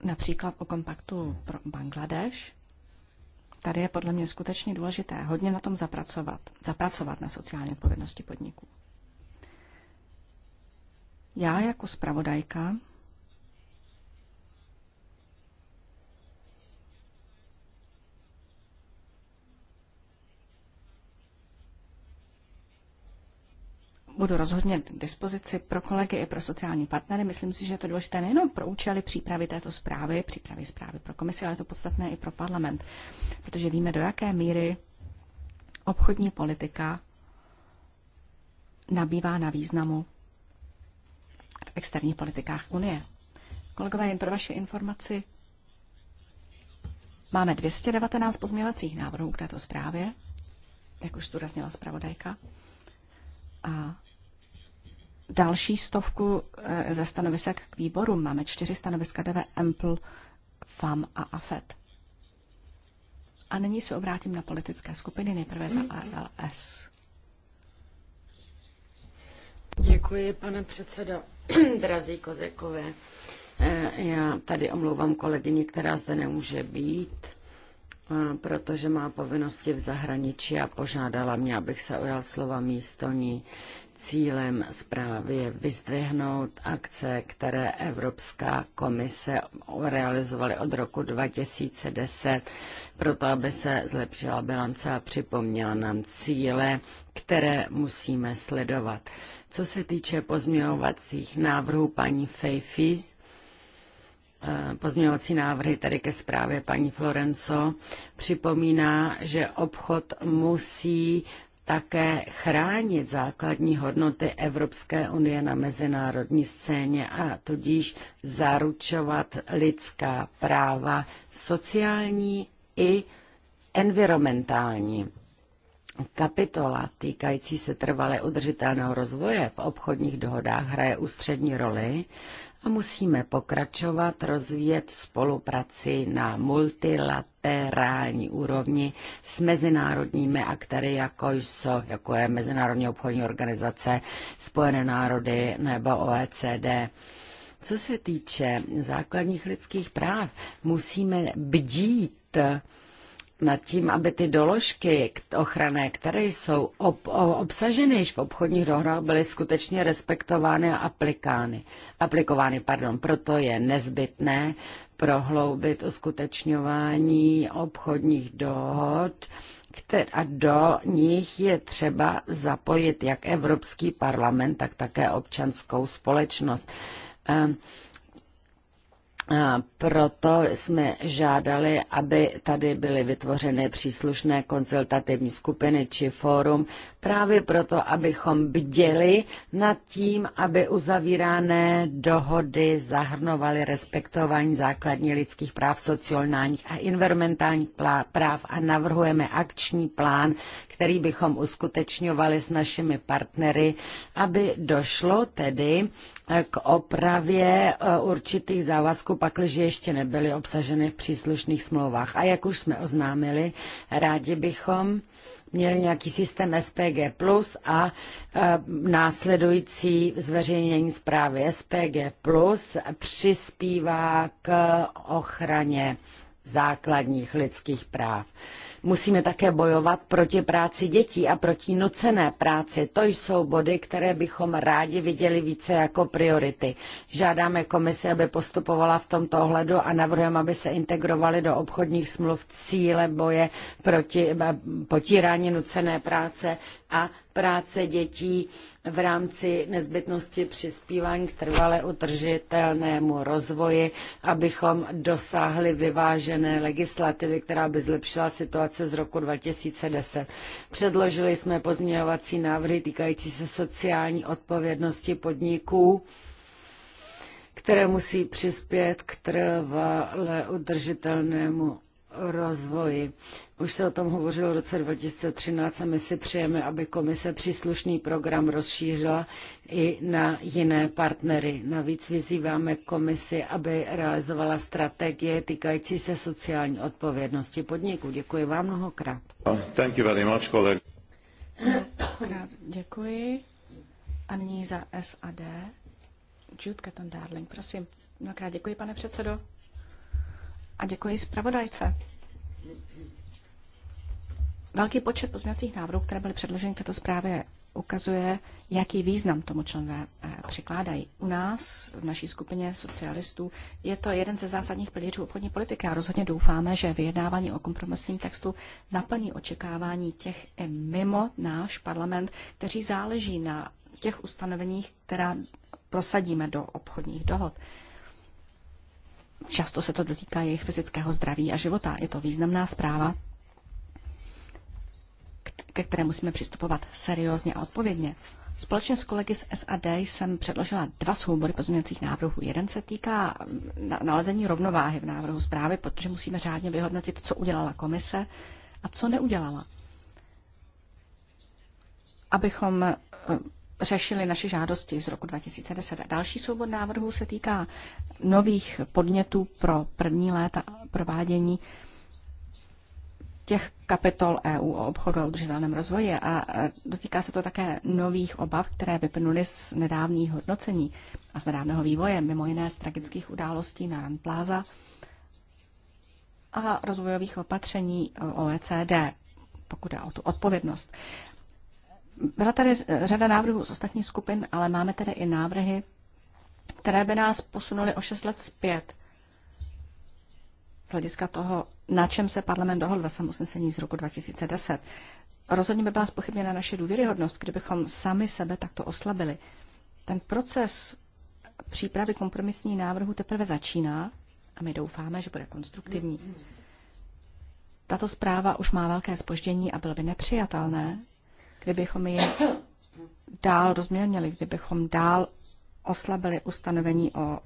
Například o kompaktu pro Bangladeš, Tady je podle mě skutečně důležité hodně na tom zapracovat, zapracovat na sociální odpovědnosti podniků. Já jako zpravodajka budu rozhodně k dispozici pro kolegy i pro sociální partnery. Myslím si, že je to důležité nejenom pro účely přípravy této zprávy, přípravy zprávy pro komisi, ale je to podstatné i pro parlament, protože víme, do jaké míry obchodní politika nabývá na významu v externích politikách Unie. Kolegové, jen pro vaše informaci, máme 219 pozměvacích návrhů k této zprávě, jak už zdůraznila zpravodajka. A další stovku eh, ze stanovisek k výboru. Máme čtyři stanoviska DV, Ample, FAM a AFET. A nyní se obrátím na politické skupiny, nejprve za ALS. Děkuji, pane předsedo. Drazí Kozekové, eh, já tady omlouvám kolegyni, která zde nemůže být protože má povinnosti v zahraničí a požádala mě, abych se ujal slova místo ní. Cílem zprávy je vyzdvihnout akce, které Evropská komise realizovaly od roku 2010, proto aby se zlepšila bilance a připomněla nám cíle, které musíme sledovat. Co se týče pozměňovacích návrhů paní Fejfis, Eh, pozměňovací návrhy tady ke zprávě paní Florenco připomíná, že obchod musí také chránit základní hodnoty Evropské unie na mezinárodní scéně a tudíž zaručovat lidská práva sociální i environmentální. Kapitola týkající se trvale udržitelného rozvoje v obchodních dohodách hraje ústřední roli a musíme pokračovat, rozvíjet spolupráci na multilaterální úrovni s mezinárodními aktéry, jako, jsou, jako je Mezinárodní obchodní organizace, Spojené národy nebo OECD. Co se týče základních lidských práv, musíme bdít nad tím, aby ty doložky ochranné, které jsou ob, obsaženy již v obchodních dohodách, byly skutečně respektovány a aplikány, aplikovány. Pardon. Proto je nezbytné prohloubit uskutečňování obchodních dohod a do nich je třeba zapojit jak Evropský parlament, tak také občanskou společnost. Um, a proto jsme žádali, aby tady byly vytvořeny příslušné konzultativní skupiny či fórum, právě proto, abychom bděli nad tím, aby uzavírané dohody zahrnovaly respektování základní lidských práv, sociálních a environmentálních práv a navrhujeme akční plán, který bychom uskutečňovali s našimi partnery, aby došlo tedy k opravě e, určitých závazků pakliže ještě nebyly obsaženy v příslušných smlouvách. A jak už jsme oznámili, rádi bychom měli nějaký systém SPG plus a e, následující zveřejnění zprávy SPG plus přispívá k ochraně základních lidských práv. Musíme také bojovat proti práci dětí a proti nucené práci. To jsou body, které bychom rádi viděli více jako priority. Žádáme komisi, aby postupovala v tomto ohledu a navrhujeme, aby se integrovaly do obchodních smluv cíle boje proti eh, potírání nucené práce a práce dětí v rámci nezbytnosti přispívání k trvale utržitelnému rozvoji, abychom dosáhli vyvážené legislativy, která by zlepšila situaci z roku 2010. Předložili jsme pozměňovací návrhy týkající se sociální odpovědnosti podniků které musí přispět k trvale udržitelnému rozvoji. Už se o tom hovořilo v roce 2013 a my si přejeme, aby komise příslušný program rozšířila i na jiné partnery. Navíc vyzýváme komisi, aby realizovala strategie týkající se sociální odpovědnosti podniků. Děkuji vám mnohokrát. Oh, thank you very much, děkuji. A nyní za SAD. Jude Caton Darling, prosím. Mnohokrát děkuji, pane předsedo a děkuji zpravodajce. Velký počet pozměňovacích návrhů, které byly předloženy k této zprávě, ukazuje, jaký význam tomu členové eh, přikládají. U nás, v naší skupině socialistů, je to jeden ze zásadních pilířů obchodní politiky a rozhodně doufáme, že vyjednávání o kompromisním textu naplní očekávání těch i mimo náš parlament, kteří záleží na těch ustanoveních, která prosadíme do obchodních dohod. Často se to dotýká jejich fyzického zdraví a života. Je to významná zpráva, ke které musíme přistupovat seriózně a odpovědně. Společně s kolegy z SAD jsem předložila dva soubory pozměňovacích návrhů. Jeden se týká mm, nalezení rovnováhy v návrhu zprávy, protože musíme řádně vyhodnotit, co udělala komise a co neudělala. Abychom mm, řešili naše žádosti z roku 2010. A další soubor návrhů se týká nových podnětů pro první léta provádění těch kapitol EU o obchodu a udržitelném rozvoji a dotýká se to také nových obav, které vyplnuly z nedávných hodnocení a z nedávného vývoje, mimo jiné z tragických událostí na Rand Plaza a rozvojových opatření OECD, pokud je o tu odpovědnost. Byla tady řada návrhů z ostatních skupin, ale máme tady i návrhy, které by nás posunuly o 6 let zpět z hlediska toho, na čem se parlament dohodl ve svém usnesení z roku 2010. Rozhodně by byla spochybněna naše důvěryhodnost, kdybychom sami sebe takto oslabili. Ten proces přípravy kompromisní návrhu teprve začíná a my doufáme, že bude konstruktivní. Tato zpráva už má velké spoždění a bylo by nepřijatelné, kdybychom ji dál rozměrnili, kdybychom dál oslabili ustanovení o, o,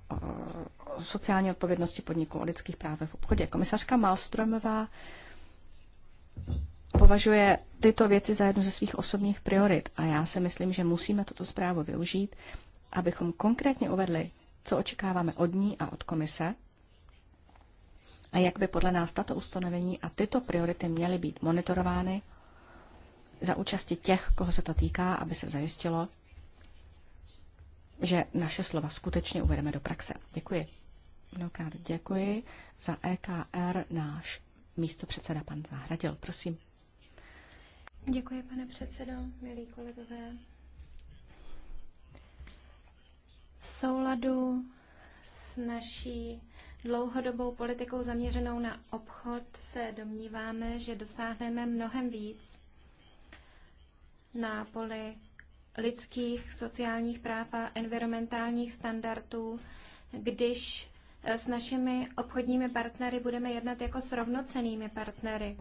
o sociální odpovědnosti podniků o lidských právech v obchodě. Komisařka Malstromová považuje tyto věci za jednu ze svých osobních priorit a já si myslím, že musíme tuto zprávu využít, abychom konkrétně uvedli, co očekáváme od ní a od komise a jak by podle nás tato ustanovení a tyto priority měly být monitorovány za účasti těch, koho se to týká, aby se zajistilo, že naše slova skutečně uvedeme do praxe. Děkuji. Mnohokrát děkuji. Za EKR náš místo předseda pan Zahradil. Prosím. Děkuji, pane předsedo, milí kolegové. V souladu s naší dlouhodobou politikou zaměřenou na obchod se domníváme, že dosáhneme mnohem víc na poli lidských, sociálních práv a environmentálních standardů, když eh, s našimi obchodními partnery budeme jednat jako s rovnocenými partnery.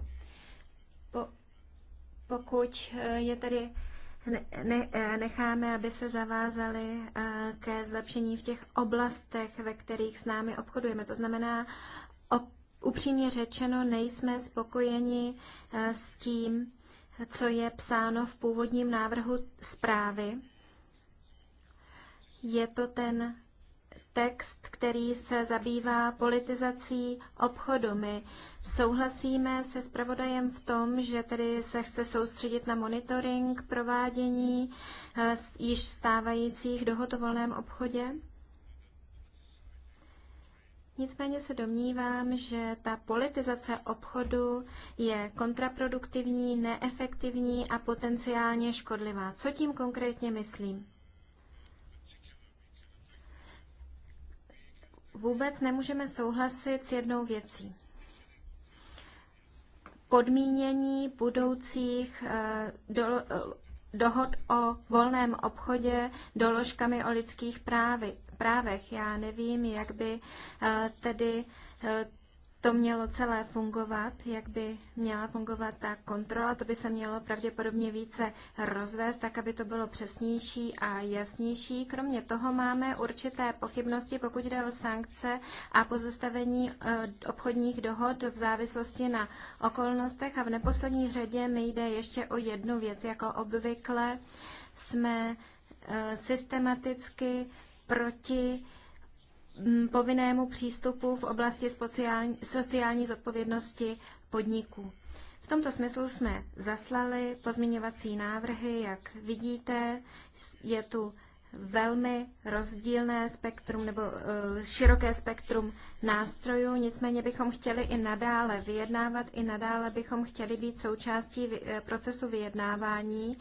Po, pokud eh, je tedy eh, necháme, aby se zavázali ke zlepšení v těch oblastech, ve kterých s námi obchodujeme. To znamená, upřímně řečeno, nejsme spokojeni s tím, co je psáno v původním návrhu zprávy. Je to ten text, který se zabývá politizací obchodu. My souhlasíme se zpravodajem v tom, že tedy se chce soustředit na monitoring provádění eh, již stávajících dohod o volném obchodě. Nicméně se domnívám, že ta politizace obchodu je kontraproduktivní, neefektivní a potenciálně škodlivá. Co tím konkrétně myslím? Vůbec nemůžeme souhlasit s jednou věcí. Podmínění budoucích eh, dohod o volném obchodě doložkami o lidských právy, právech. Já nevím, jak by eh, tedy eh, to mělo celé fungovat, jak by měla fungovat ta kontrola. To by se mělo pravděpodobně více rozvést, tak aby to bylo přesnější a jasnější. Kromě toho máme určité pochybnosti, pokud jde o sankce a pozastavení eh, obchodních dohod v závislosti na okolnostech. A v neposlední řadě mi jde ještě o jednu věc. Jako obvykle jsme eh, systematicky proti Mm, povinnému přístupu v oblasti sociální, sociální zodpovědnosti podniků. V tomto smyslu jsme zaslali pozměňovací návrhy, jak vidíte, je tu velmi rozdílné spektrum nebo e, široké spektrum nástrojů, nicméně bychom chtěli i nadále vyjednávat, i nadále bychom chtěli být součástí e, procesu vyjednávání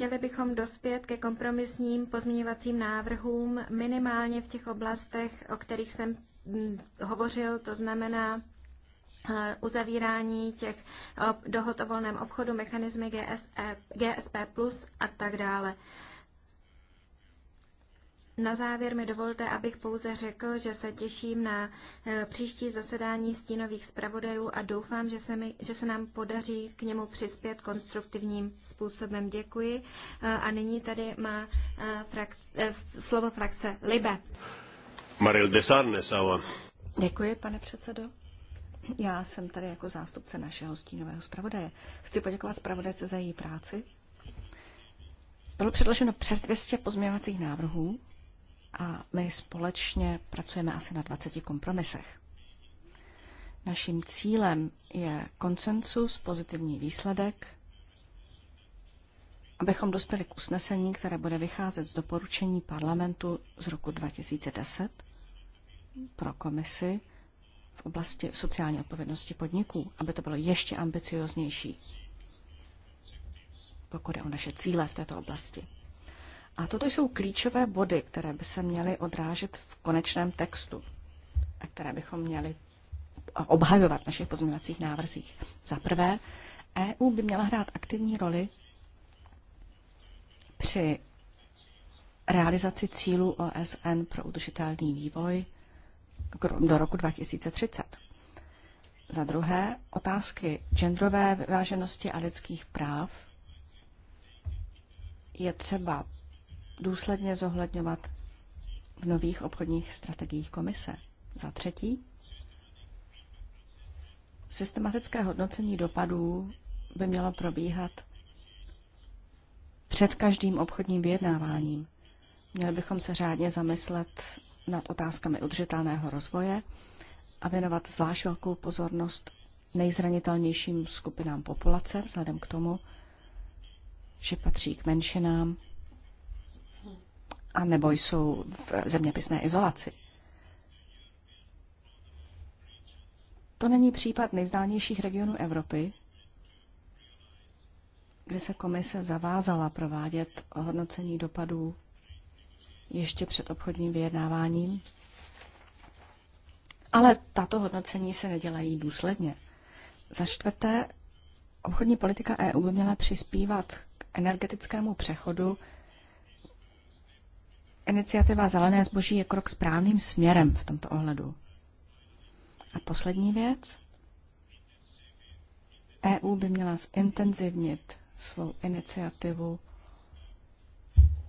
Chtěli bychom dospět ke kompromisním pozměňovacím návrhům minimálně v těch oblastech, o kterých jsem mm, hovořil, to znamená eh, uzavírání těch eh, dohod o volném obchodu, mechanismy GSP e, plus a tak dále. Na závěr mi dovolte, abych pouze řekl, že se těším na eh, příští zasedání stínových zpravodajů a doufám, že se, mi, že se nám podaří k němu přispět konstruktivním způsobem. Děkuji. Eh, a nyní tady má eh, frak, slovo frakce Libe. Maril Desarnes, Děkuji, pane předsedo. Já jsem tady jako zástupce našeho stínového zpravodaje. Chci poděkovat zpravodajce za její práci. Bylo předloženo přes 200 pozměňovacích návrhů a my společně pracujeme asi na 20 kompromisech. Naším cílem je koncensus, pozitivní výsledek, abychom dospěli k usnesení, které bude vycházet z doporučení parlamentu z roku 2010 pro komisi v oblasti sociální odpovědnosti podniků, aby to bylo ještě ambicioznější, pokud je o naše cíle v této oblasti. A toto jsou klíčové body, které by se měly odrážet v konečném textu a které bychom měli obhajovat v našich pozměňovacích návrzích. Za prvé, EU by měla hrát aktivní roli při realizaci cílů OSN pro udržitelný vývoj do roku 2030. Za druhé, otázky genderové vyváženosti a lidských práv je třeba důsledně zohledňovat v nových obchodních strategiích komise. Za třetí, systematické hodnocení dopadů by mělo probíhat před každým obchodním vyjednáváním. Měli bychom se řádně zamyslet nad otázkami udržitelného rozvoje a věnovat zvlášť velkou pozornost nejzranitelnějším skupinám populace, vzhledem k tomu, že patří k menšinám a nebo jsou v zeměpisné izolaci. To není případ nejzdálnějších regionů Evropy, kdy se komise zavázala provádět hodnocení dopadů ještě před obchodním vyjednáváním. Ale tato hodnocení se nedělají důsledně. Za čtvrté, obchodní politika EU by měla přispívat k energetickému přechodu iniciativa Zelené zboží je krok správným směrem v tomto ohledu. A poslední věc. EU by měla zintenzivnit svou iniciativu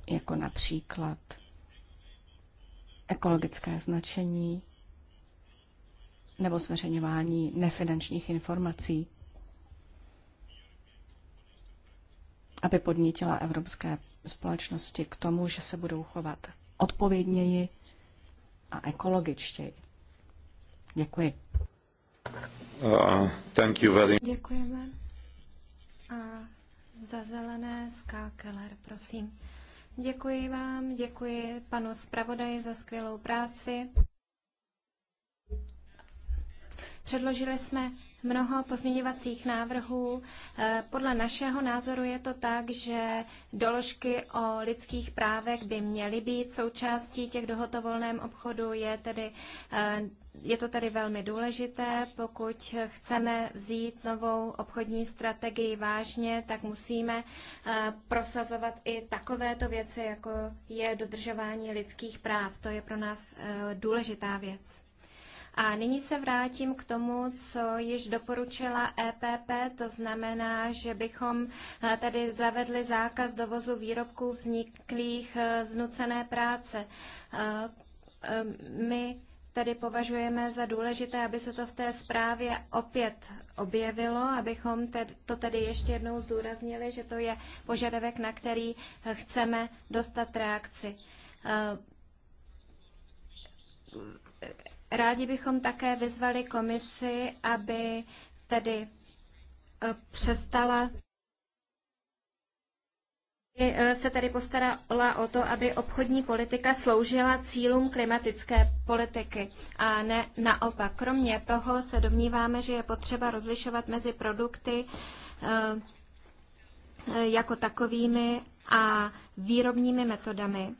jako například ekologické značení nebo zveřejňování nefinančních informací aby podnítila evropské společnosti k tomu, že se budou chovat odpovědněji a ekologičtěji. Děkuji. Uh, thank you very... Děkujeme. A za zelené Ská Keller, prosím. Děkuji vám, děkuji panu zpravodaji za skvělou práci. Předložili jsme mnoho pozměňovacích návrhů. Eh, podle našeho názoru je to tak, že doložky o lidských právech by měly být součástí těch dohod o volném obchodu. Je, tedy, eh, je to tedy velmi důležité. Pokud chceme vzít novou obchodní strategii vážně, tak musíme eh, prosazovat i takovéto věci, jako je dodržování lidských práv. To je pro nás důležitá věc. A nyní se vrátím k tomu, co již doporučila EPP, to znamená, že bychom eh, tady zavedli zákaz dovozu výrobků vzniklých eh, z nucené práce. Eh, my tedy považujeme za důležité, aby se to v té zprávě opět objevilo, abychom to tedy ještě jednou zdůraznili, že to je požadavek, na který chceme dostat reakci. Rádi bychom také vyzvali komisi, aby tedy eh, přestala eh, se tedy postarala o to, aby obchodní politika sloužila cílům klimatické politiky a ne naopak. Kromě toho se domníváme, že je potřeba rozlišovat mezi produkty eh, jako takovými a výrobními metodami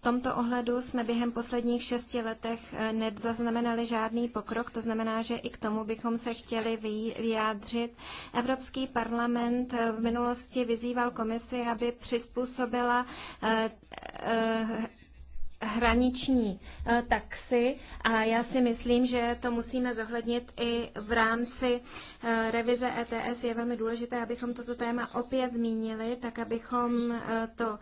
tomto ohledu jsme během posledních šesti letech eh, nezaznamenali žádný pokrok, to znamená, že i k tomu bychom se chtěli vyjádřit. Evropský parlament eh, v minulosti vyzýval komisi, aby přizpůsobila eh, hraniční taxi a já si myslím, že to musíme zohlednit i v rámci revize ETS. Je velmi důležité, abychom toto téma opět zmínili, tak abychom to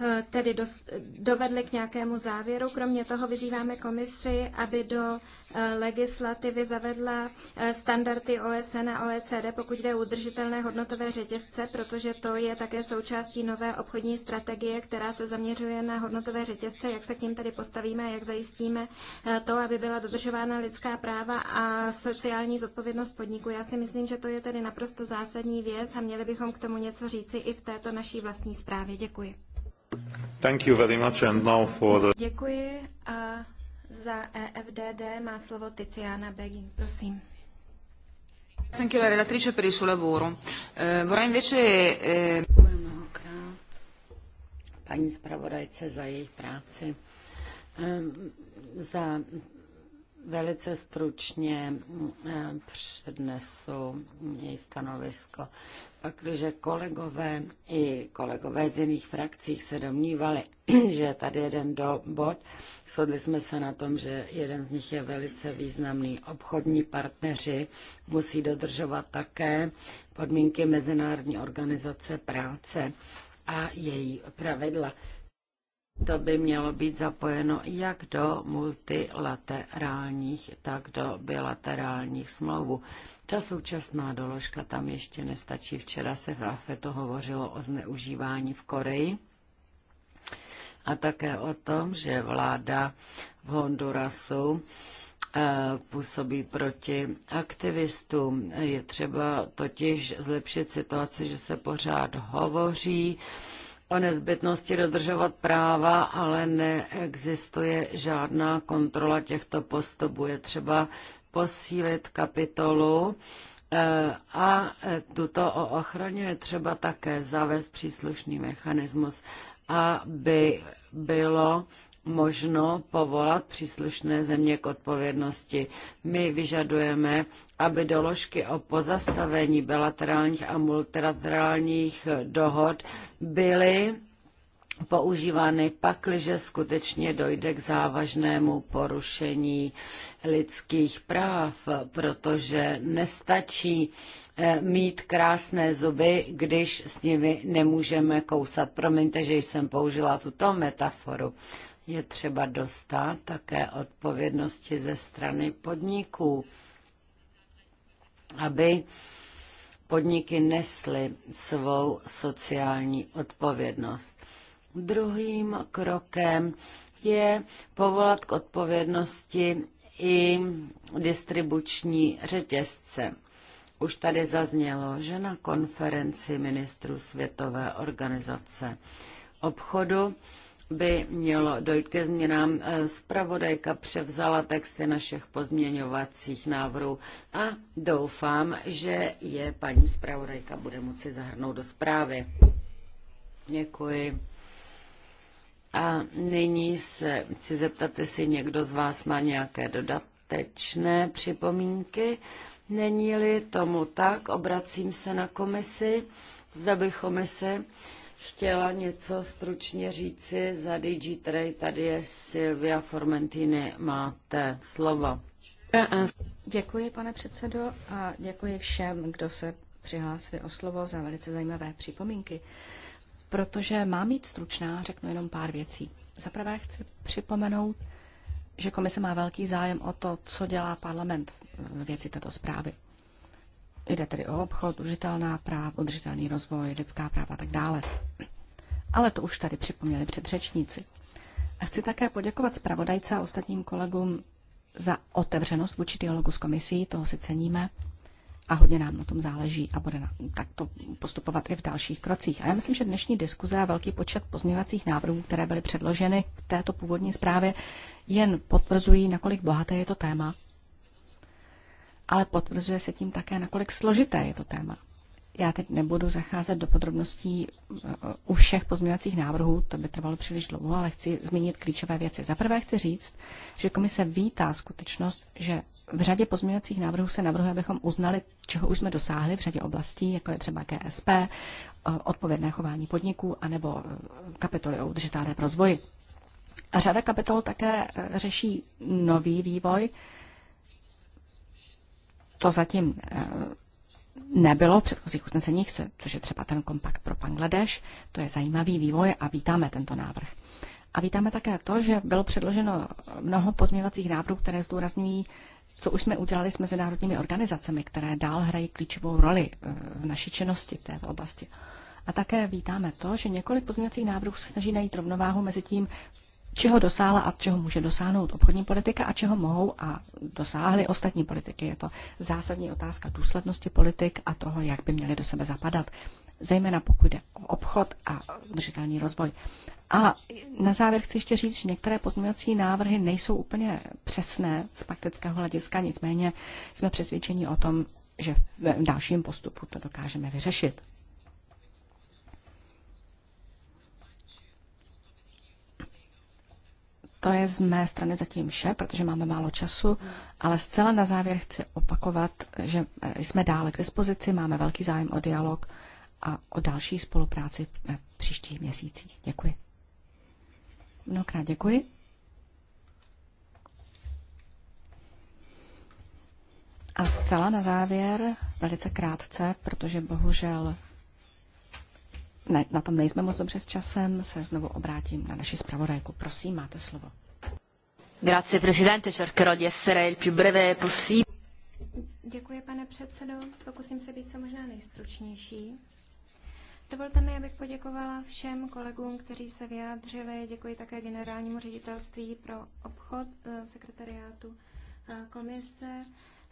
Eh, tedy dos, dovedli k nějakému závěru. Kromě toho vyzýváme komisi, aby do eh, legislativy zavedla eh, standardy OSN a OECD, pokud jde o udržitelné hodnotové řetězce, protože to je také součástí nové obchodní strategie, která se zaměřuje na hodnotové řetězce, jak se k ním tady postavíme a jak zajistíme to, aby byla dodržována lidská práva a sociální zodpovědnost podniku. Já si myslím, že to je tedy naprosto zásadní věc a měli bychom k tomu něco říci i v této naší vlastní zprávě. Děkuji. Thank you very much and now for the... Děkuji a za EFDD má slovo Tiziana Begin. Prosím. Anch'io la relatrice per il suo lavoro. Eh, vorrei invece... Eh... Paní zpravodajce za jejich práci. Eh, za Velice stručně mm, eh, přednesu její stanovisko. Pak, když kolegové i kolegové z jiných frakcích se domnívali, že je tady jeden do bod, shodli jsme se na tom, že jeden z nich je velice významný. Obchodní partneři musí dodržovat také podmínky Mezinárodní organizace práce a její pravidla. To by mělo být zapojeno jak do multilaterálních, tak do bilaterálních smlouvů. Ta současná doložka tam ještě nestačí. Včera se v AFETu hovořilo o zneužívání v Koreji a také o tom, že vláda v Hondurasu eh, působí proti aktivistům. Je třeba totiž zlepšit situaci, že se pořád hovoří o nezbytnosti dodržovat práva, ale neexistuje žádná kontrola těchto postupů. Je třeba posílit kapitolu eh, a tuto o ochraně je třeba také zavést příslušný mechanismus, aby bylo možno povolat příslušné země k odpovědnosti. My vyžadujeme, aby doložky o pozastavení bilaterálních a multilaterálních dohod byly používány pakliže skutečně dojde k závažnému porušení lidských práv, protože nestačí eh, mít krásné zuby, když s nimi nemůžeme kousat. Promiňte, že jsem použila tuto metaforu je třeba dostat také odpovědnosti ze strany podniků, aby podniky nesly svou sociální odpovědnost. Druhým krokem je povolat k odpovědnosti i distribuční řetězce. Už tady zaznělo, že na konferenci ministrů Světové organizace obchodu by mělo dojít ke změnám. Spravodajka převzala texty našich pozměňovacích návrhů a doufám, že je paní spravodajka bude moci zahrnout do zprávy. Děkuji. A nyní se chci zeptat, jestli někdo z vás má nějaké dodatečné připomínky. Není-li tomu tak, obracím se na komisi, zda by komise chtěla něco stručně říci za DigiTrade. Tady je Silvia Formentini, máte slovo. Děkuji, pane předsedo, a děkuji všem, kdo se přihlásili o slovo za velice zajímavé připomínky. Protože mám mít stručná, řeknu jenom pár věcí. Za prvé chci připomenout, že komise má velký zájem o to, co dělá parlament v věci této zprávy. Jde tedy o obchod, užitelná práva, udržitelný rozvoj, lidská práva a tak dále. Ale to už tady připomněli předřečníci. A chci také poděkovat zpravodajce a ostatním kolegům za otevřenost vůči dialogu s komisí, toho si ceníme a hodně nám na tom záleží a bude takto postupovat i v dalších krocích. A já myslím, že dnešní diskuze a velký počet pozměňovacích návrhů, které byly předloženy v této původní zprávě, jen potvrzují, nakolik bohaté je to téma ale potvrzuje se tím také, nakolik složité je to téma. Já teď nebudu zacházet do podrobností e, e, u všech pozměňovacích návrhů, to by trvalo příliš dlouho, ale chci zmínit klíčové věci. Za prvé chci říct, že komise vítá skutečnost, že v řadě pozměňovacích návrhů se navrhuje, abychom uznali, čeho už jsme dosáhli v řadě oblastí, jako je třeba GSP, e, odpovědné chování podniků, anebo kapitoly o udržitelném rozvoji. A řada kapitol také řeší nový vývoj, to zatím eh, nebylo v předchozích usneseních, což je třeba ten kompakt pro Bangladeš. To je zajímavý vývoj a vítáme tento návrh. A vítáme také to, že bylo předloženo mnoho pozměvacích návrhů, které zdůrazňují, co už jsme udělali s mezinárodními organizacemi, které dál hrají klíčovou roli eh, v naší činnosti v této oblasti. A také vítáme to, že několik pozměňovacích návrhů se snaží najít rovnováhu mezi tím, čeho dosáhla a čeho může dosáhnout obchodní politika a čeho mohou a dosáhly ostatní politiky. Je to zásadní otázka důslednosti politik a toho, jak by měly do sebe zapadat, zejména pokud jde o obchod a udržitelný rozvoj. A na závěr chci ještě říct, že některé pozměňovací návrhy nejsou úplně přesné z praktického hlediska, nicméně jsme přesvědčeni o tom, že v dalším postupu to dokážeme vyřešit. To je z mé strany zatím vše, protože máme málo času, ale zcela na závěr chci opakovat, že eh, jsme dále k dispozici, máme velký zájem o dialog a o další spolupráci v eh, příštích měsících. Děkuji. Mnohokrát děkuji. A zcela na závěr, velice krátce, protože bohužel ne, na tom nejsme moc dobře s časem, se znovu obrátím na naši zpravodajku. Prosím, máte slovo. Grazie, presidente. Cercherò di essere il più breve possibile. Děkuji, pane předsedo. Pokusím se být co možná nejstručnější. Dovolte mi, abych poděkovala všem kolegům, kteří se vyjádřili. Děkuji také generálnímu ředitelství pro obchod eh, sekretariátu eh, komise.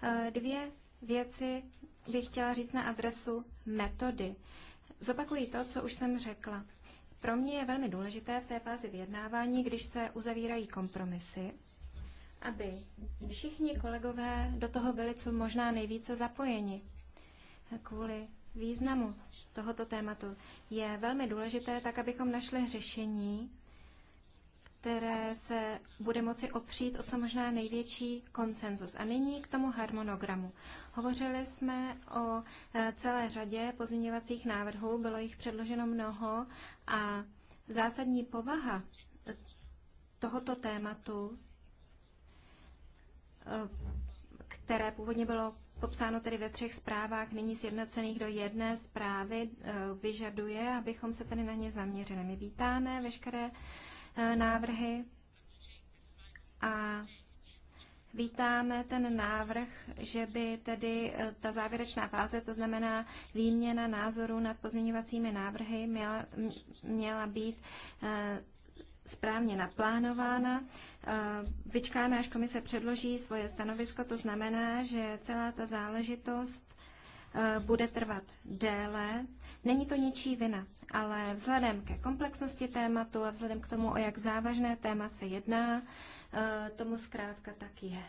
Eh, dvě věci bych chtěla říct na adresu metody. Zopakuji to, co už jsem řekla. Pro mě je velmi důležité v té fázi vyjednávání, když se uzavírají kompromisy, aby všichni kolegové do toho byli co možná nejvíce zapojeni. Kvůli významu tohoto tématu je velmi důležité, tak abychom našli řešení, které se bude moci opřít o co možná největší konsenzus. A nyní k tomu harmonogramu. Hovořili jsme o e, celé řadě pozměňovacích návrhů, bylo jich předloženo mnoho a zásadní povaha e, tohoto tématu, e, které původně bylo popsáno tedy ve třech zprávách, nyní sjednocených do jedné zprávy, vyžaduje, abychom se tedy na ně zaměřili. My vítáme veškeré Eh, návrhy a Vítáme ten návrh, že by tedy eh, ta závěrečná fáze, to znamená výměna názorů nad pozměňovacími návrhy, měla, měla být eh, správně naplánována. Vyčkáme, až komise předloží svoje stanovisko, to znamená, že celá ta záležitost Eh, bude trvat déle. Není to ničí vina, ale vzhledem ke komplexnosti tématu a vzhledem k tomu, o jak závažné téma se jedná, eh, tomu zkrátka tak je.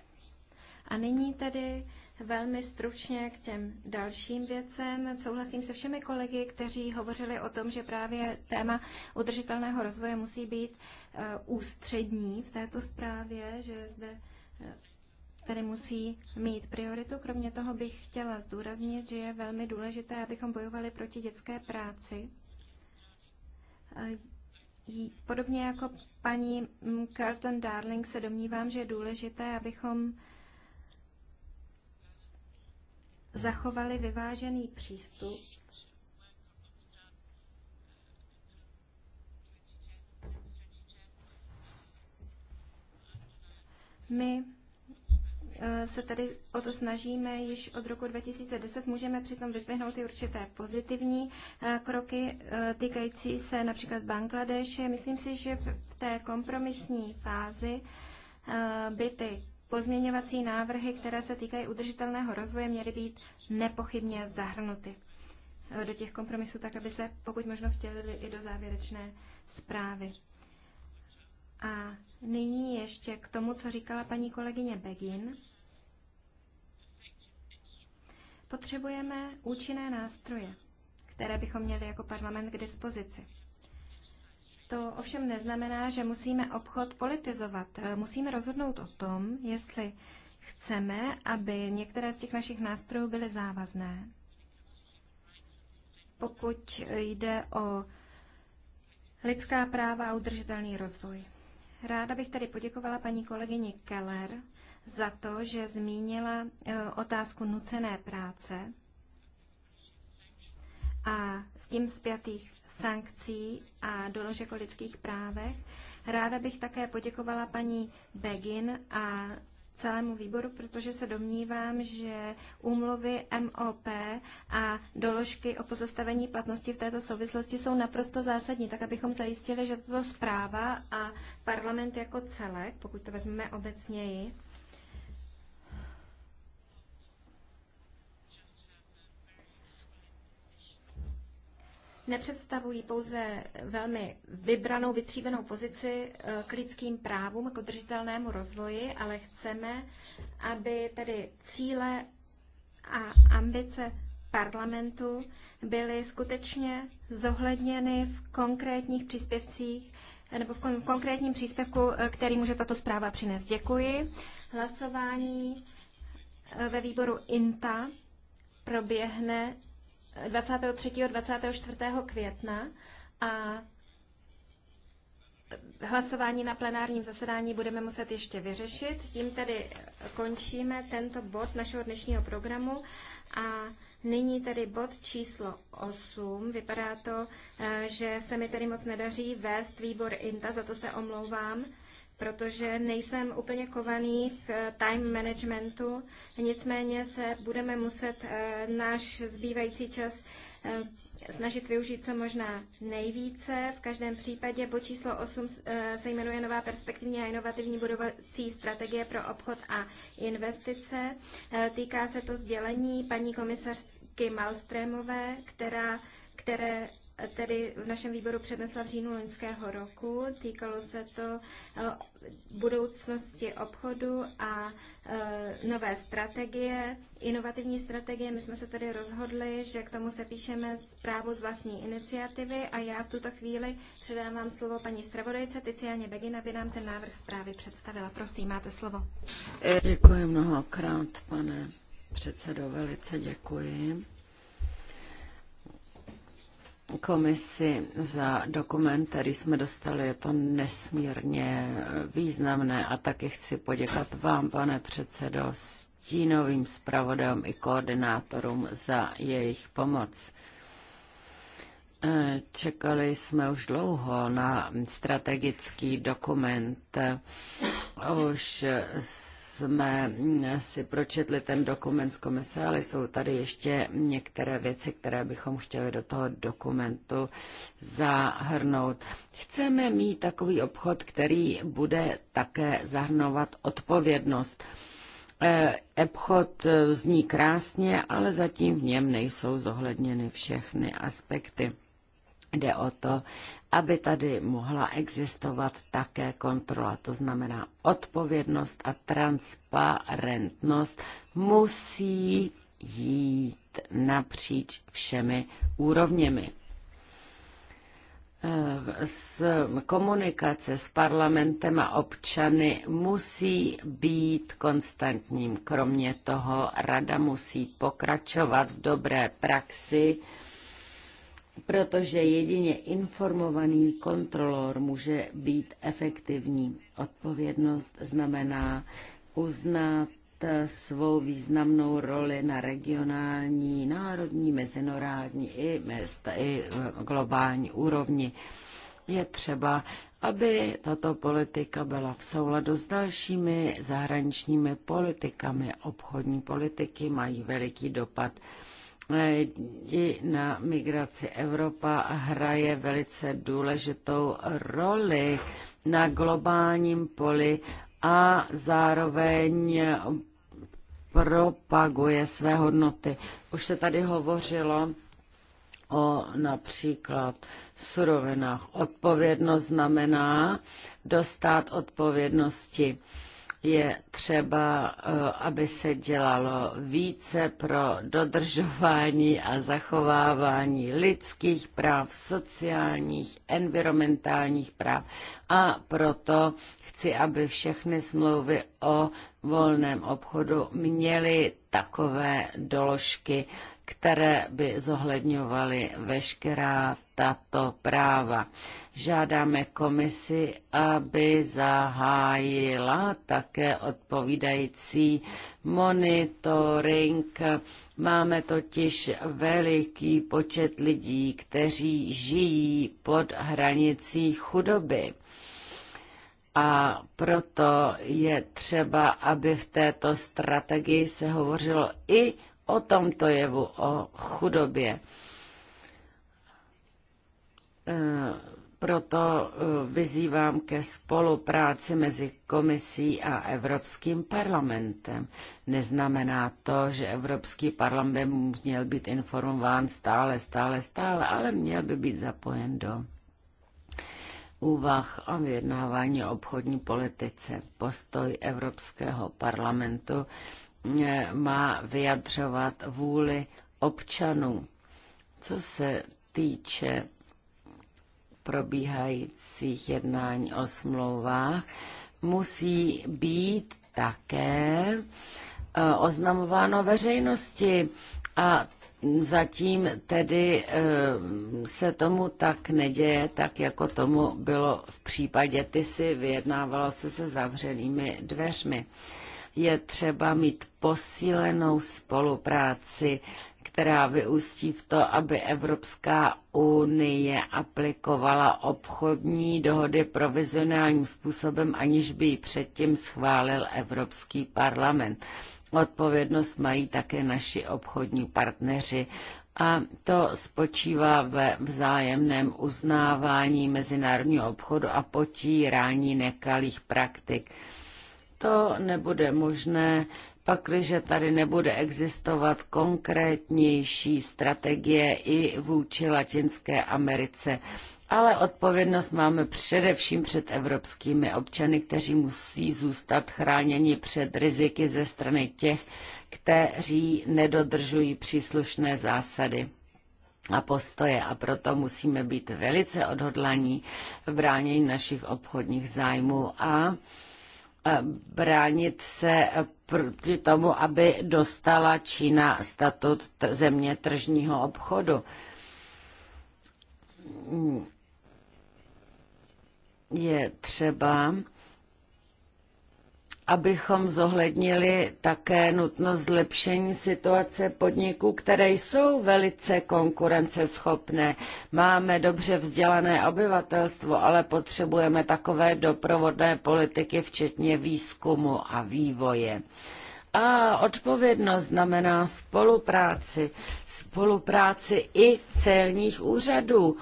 A nyní tedy velmi stručně k těm dalším věcem. Souhlasím se všemi kolegy, kteří hovořili o tom, že právě téma udržitelného rozvoje musí být eh, ústřední v této zprávě, že zde tady musí mít prioritu. Kromě toho bych chtěla zdůraznit, že je velmi důležité, abychom bojovali proti dětské práci. E, podobně jako paní Carlton Darling se domnívám, že je důležité, abychom zachovali vyvážený přístup My Eh, se tady o to snažíme již od roku 2010, můžeme přitom vyzvihnout i určité pozitivní eh, kroky eh, týkající se například Bangladeše. Myslím si, že v té kompromisní fázi by ty pozměňovací návrhy, které se týkají udržitelného rozvoje, měly být nepochybně zahrnuty do těch kompromisů, tak aby se pokud možno vtělili i do závěrečné zprávy. A nyní ještě k tomu, co říkala paní kolegyně Begin. Potřebujeme účinné nástroje, které bychom měli jako parlament k dispozici. To ovšem neznamená, že musíme obchod politizovat. Musíme rozhodnout o tom, jestli chceme, aby některé z těch našich nástrojů byly závazné. Pokud jde o lidská práva a udržitelný rozvoj. Ráda bych tady poděkovala paní kolegyni Keller za to, že zmínila e, otázku nucené práce a s tím zpětých sankcí a doložek o lidských právech. Ráda bych také poděkovala paní Begin a celému výboru, protože se domnívám, že úmluvy MOP a doložky o pozastavení platnosti v této souvislosti jsou naprosto zásadní, tak abychom zajistili, že tato zpráva a parlament jako celek, pokud to vezmeme obecněji, nepředstavují pouze velmi vybranou, vytříbenou pozici eh, k lidským právům, k udržitelnému rozvoji, ale chceme, aby tedy cíle a ambice parlamentu byly skutečně zohledněny v konkrétních příspěvcích nebo v konkrétním příspěvku, eh, který může tato zpráva přinést. Děkuji. Hlasování eh, ve výboru INTA proběhne 23. a 24. května a hlasování na plenárním zasedání budeme muset ještě vyřešit. Tím tedy končíme tento bod našeho dnešního programu a nyní tedy bod číslo 8. Vypadá to, eh, že se mi tedy moc nedaří vést výbor INTA, za to se omlouvám protože nejsem úplně kovaný v eh, time managementu, nicméně se budeme muset eh, náš zbývající čas eh, snažit využít co možná nejvíce. V každém případě bod číslo 8 se jmenuje Nová perspektivní a inovativní budovací strategie pro obchod a investice. Týká se to sdělení paní komisařky Malstrémové, která, které tedy v našem výboru přednesla v říjnu loňského roku. Týkalo se to eh, budoucnosti obchodu a eh, nové strategie, inovativní strategie. My jsme se tedy rozhodli, že k tomu se píšeme zprávu z vlastní iniciativy a já v tuto chvíli předávám slovo paní zpravodajce Ticiáně Begin, aby nám ten návrh zprávy představila. Prosím, máte slovo. Děkuji mnohokrát, pane předsedo, velice děkuji komisi za dokument, který jsme dostali. Je to nesmírně významné a taky chci poděkat vám, pane předsedo, stínovým zpravodajům i koordinátorům za jejich pomoc. Čekali jsme už dlouho na strategický dokument. Už jsme si pročetli ten dokument z komise, ale jsou tady ještě některé věci, které bychom chtěli do toho dokumentu zahrnout. Chceme mít takový obchod, který bude také zahrnovat odpovědnost. E, obchod zní krásně, ale zatím v něm nejsou zohledněny všechny aspekty. Jde o to, aby tady mohla existovat také kontrola. To znamená, odpovědnost a transparentnost musí jít napříč všemi úrovněmi. S komunikace s parlamentem a občany musí být konstantním. Kromě toho rada musí pokračovat v dobré praxi, protože jedině informovaný kontrolor může být efektivní. Odpovědnost znamená uznat svou významnou roli na regionální, národní, mezinárodní i, mest, i globální úrovni. Je třeba, aby tato politika byla v souladu s dalšími zahraničními politikami. Obchodní politiky mají veliký dopad i na migraci Evropa hraje velice důležitou roli na globálním poli a zároveň propaguje své hodnoty. Už se tady hovořilo o například surovinách. Odpovědnost znamená dostat odpovědnosti je třeba, eh, aby se dělalo více pro dodržování a zachovávání lidských práv, sociálních, environmentálních práv a proto chci, aby všechny smlouvy o volném obchodu měly takové doložky, které by zohledňovaly veškerá tato práva. Žádáme komisi, aby zahájila také odpovídající monitoring. Máme totiž veliký počet lidí, kteří žijí pod hranicí chudoby. A proto je třeba, aby v této strategii se hovořilo i o tomto jevu, o chudobě. Eh, proto eh, vyzývám ke spolupráci mezi komisí a Evropským parlamentem. Neznamená to, že Evropský parlament měl být informován stále, stále, stále, ale měl by být zapojen do úvah a vyjednávání o obchodní politice. Postoj Evropského parlamentu eh, má vyjadřovat vůli občanů. Co se týče probíhajících jednání o smlouvách musí být také eh, oznamováno veřejnosti a zatím tedy eh, se tomu tak neděje, tak jako tomu bylo v případě ty si vyjednávalo se se zavřenými dveřmi. Je třeba mít posílenou spolupráci která vyústí v to, aby Evropská unie aplikovala obchodní dohody provizionálním způsobem, aniž by ji předtím schválil Evropský parlament. Odpovědnost mají také naši obchodní partneři a to spočívá ve vzájemném uznávání mezinárodního obchodu a potírání nekalých praktik. To nebude možné, pakliže tady nebude existovat konkrétnější strategie i vůči Latinské Americe. Ale odpovědnost máme především před evropskými občany, kteří musí zůstat chráněni před riziky ze strany těch, kteří nedodržují příslušné zásady a postoje a proto musíme být velice odhodlaní v bránění našich obchodních zájmů a bránit se proti tomu, aby dostala Čína statut země tržního obchodu. Je třeba abychom zohlednili také nutnost zlepšení situace podniků, které jsou velice konkurenceschopné. Máme dobře vzdělané obyvatelstvo, ale potřebujeme takové doprovodné politiky, včetně výzkumu a vývoje. A odpovědnost znamená spolupráci, spolupráci i celních úřadů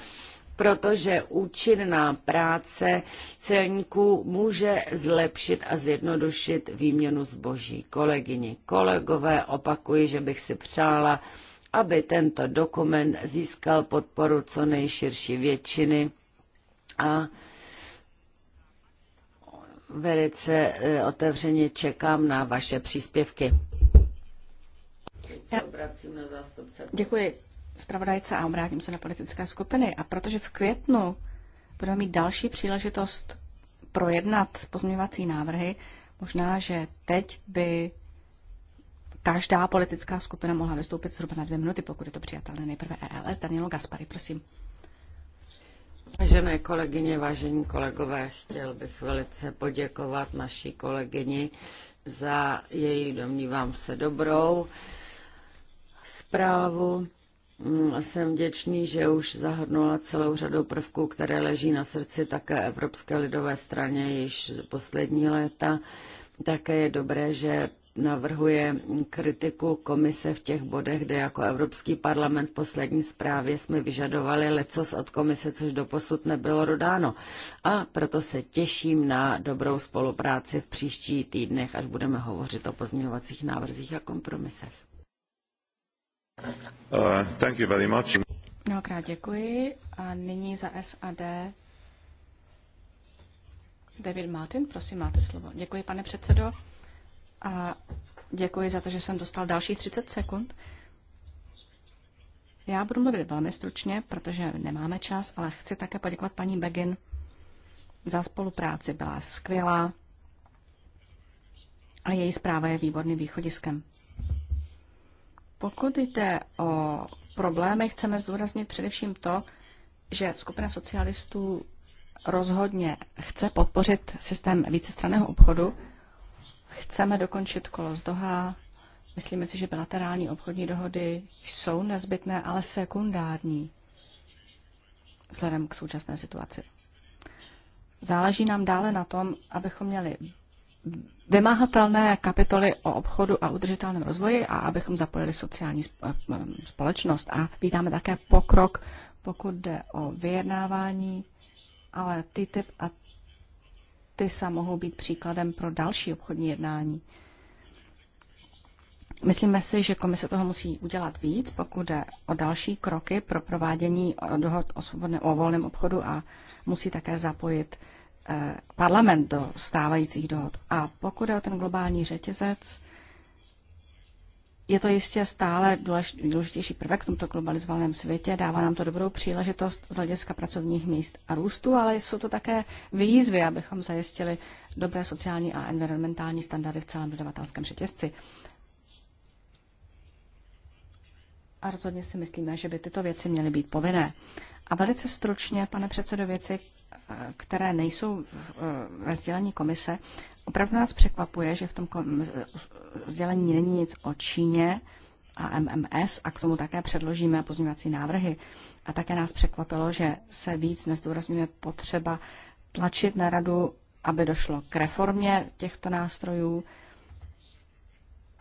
protože účinná práce celníků může zlepšit a zjednodušit výměnu zboží. Kolegyni, kolegové, opakuji, že bych si přála, aby tento dokument získal podporu co nejširší většiny a velice e, otevřeně čekám na vaše příspěvky. Děkuji zpravodajce a obrátím se na politické skupiny. A protože v květnu budeme mít další příležitost projednat pozměňovací návrhy, možná, že teď by každá politická skupina mohla vystoupit zhruba na dvě minuty, pokud je to přijatelné. Nejprve ELS, Danielo Gaspary, prosím. Vážené kolegyně, vážení kolegové, chtěl bych velice poděkovat naší kolegyni za její, domnívám se, dobrou zprávu Mm, jsem vděčný, že už zahrnula celou řadu prvků, které leží na srdci také Evropské lidové straně již poslední léta. Také je dobré, že navrhuje kritiku komise v těch bodech, kde jako Evropský parlament v poslední zprávě jsme vyžadovali lecos od komise, což doposud nebylo dodáno. A proto se těším na dobrou spolupráci v příští týdnech, až budeme hovořit o pozměňovacích návrzích a kompromisech. Uh, thank you very much. Mnohokrát děkuji a nyní za SAD David Martin, prosím, máte slovo. Děkuji, pane předsedo, a děkuji za to, že jsem dostal dalších 30 sekund. Já budu mluvit velmi stručně, protože nemáme čas, ale chci také poděkovat paní Begin za spolupráci. Byla skvělá a její zpráva je výborným východiskem. Pokud jde o problémy, chceme zdůraznit především to, že skupina socialistů rozhodně chce podpořit systém vícestranného obchodu. Chceme dokončit kolo z Doha. Myslíme si, že bilaterální obchodní dohody jsou nezbytné, ale sekundární vzhledem k současné situaci. Záleží nám dále na tom, abychom měli vymáhatelné kapitoly o obchodu a udržitelném rozvoji a abychom zapojili sociální eh, eh, společnost. A vítáme také pokrok, pokud jde o vyjednávání, ale TTIP a TISA mohou být příkladem pro další obchodní jednání. Myslíme si, že komise toho musí udělat víc, pokud jde o další kroky pro provádění dohod o, svobodné, o volném obchodu a musí také zapojit uh, Eh, parlament do stávajících dohod. A pokud je o ten globální řetězec, je to jistě stále důležitější prvek v tomto globalizovaném světě, dává nám to dobrou příležitost z hlediska pracovních míst a růstu, ale jsou to také výzvy, abychom zajistili dobré sociální a environmentální standardy v celém dodavatelském řetězci. A rozhodně si myslíme, že by tyto věci měly být povinné. A velice stručně, pane předsedo, věci, které nejsou ve sdělení komise, opravdu nás překvapuje, že v tom sdělení není nic o Číně a MMS a k tomu také předložíme pozměňovací návrhy. A také nás překvapilo, že se víc nezdůrazňuje potřeba tlačit na radu, aby došlo k reformě těchto nástrojů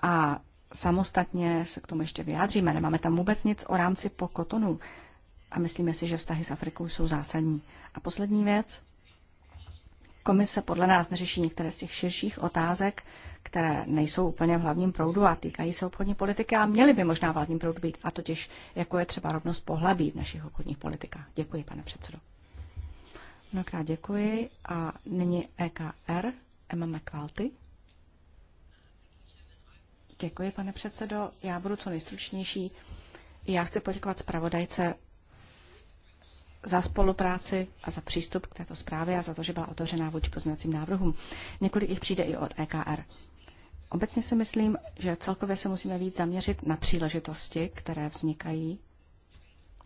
a samostatně se k tomu ještě vyjádříme. Nemáme tam vůbec nic o rámci po kotonu a myslíme si, že vztahy s Afrikou jsou zásadní. A poslední věc. Komise podle nás neřeší některé z těch širších otázek, které nejsou úplně v hlavním proudu a týkají se obchodní politiky a měly by možná v hlavním proudu být, a totiž jako je třeba rovnost pohlaví v našich obchodních politikách. Děkuji, pane předsedo. Mnohokrát děkuji a nyní EKR, Emma McValty. Děkuji, pane předsedo. Já budu co nejstručnější. Já chci poděkovat zpravodajce za spolupráci a za přístup k této zprávě a za to, že byla otevřená vůči pozměňovacím návrhům. Několik jich přijde i od EKR. Obecně si myslím, že celkově se musíme víc zaměřit na příležitosti, které vznikají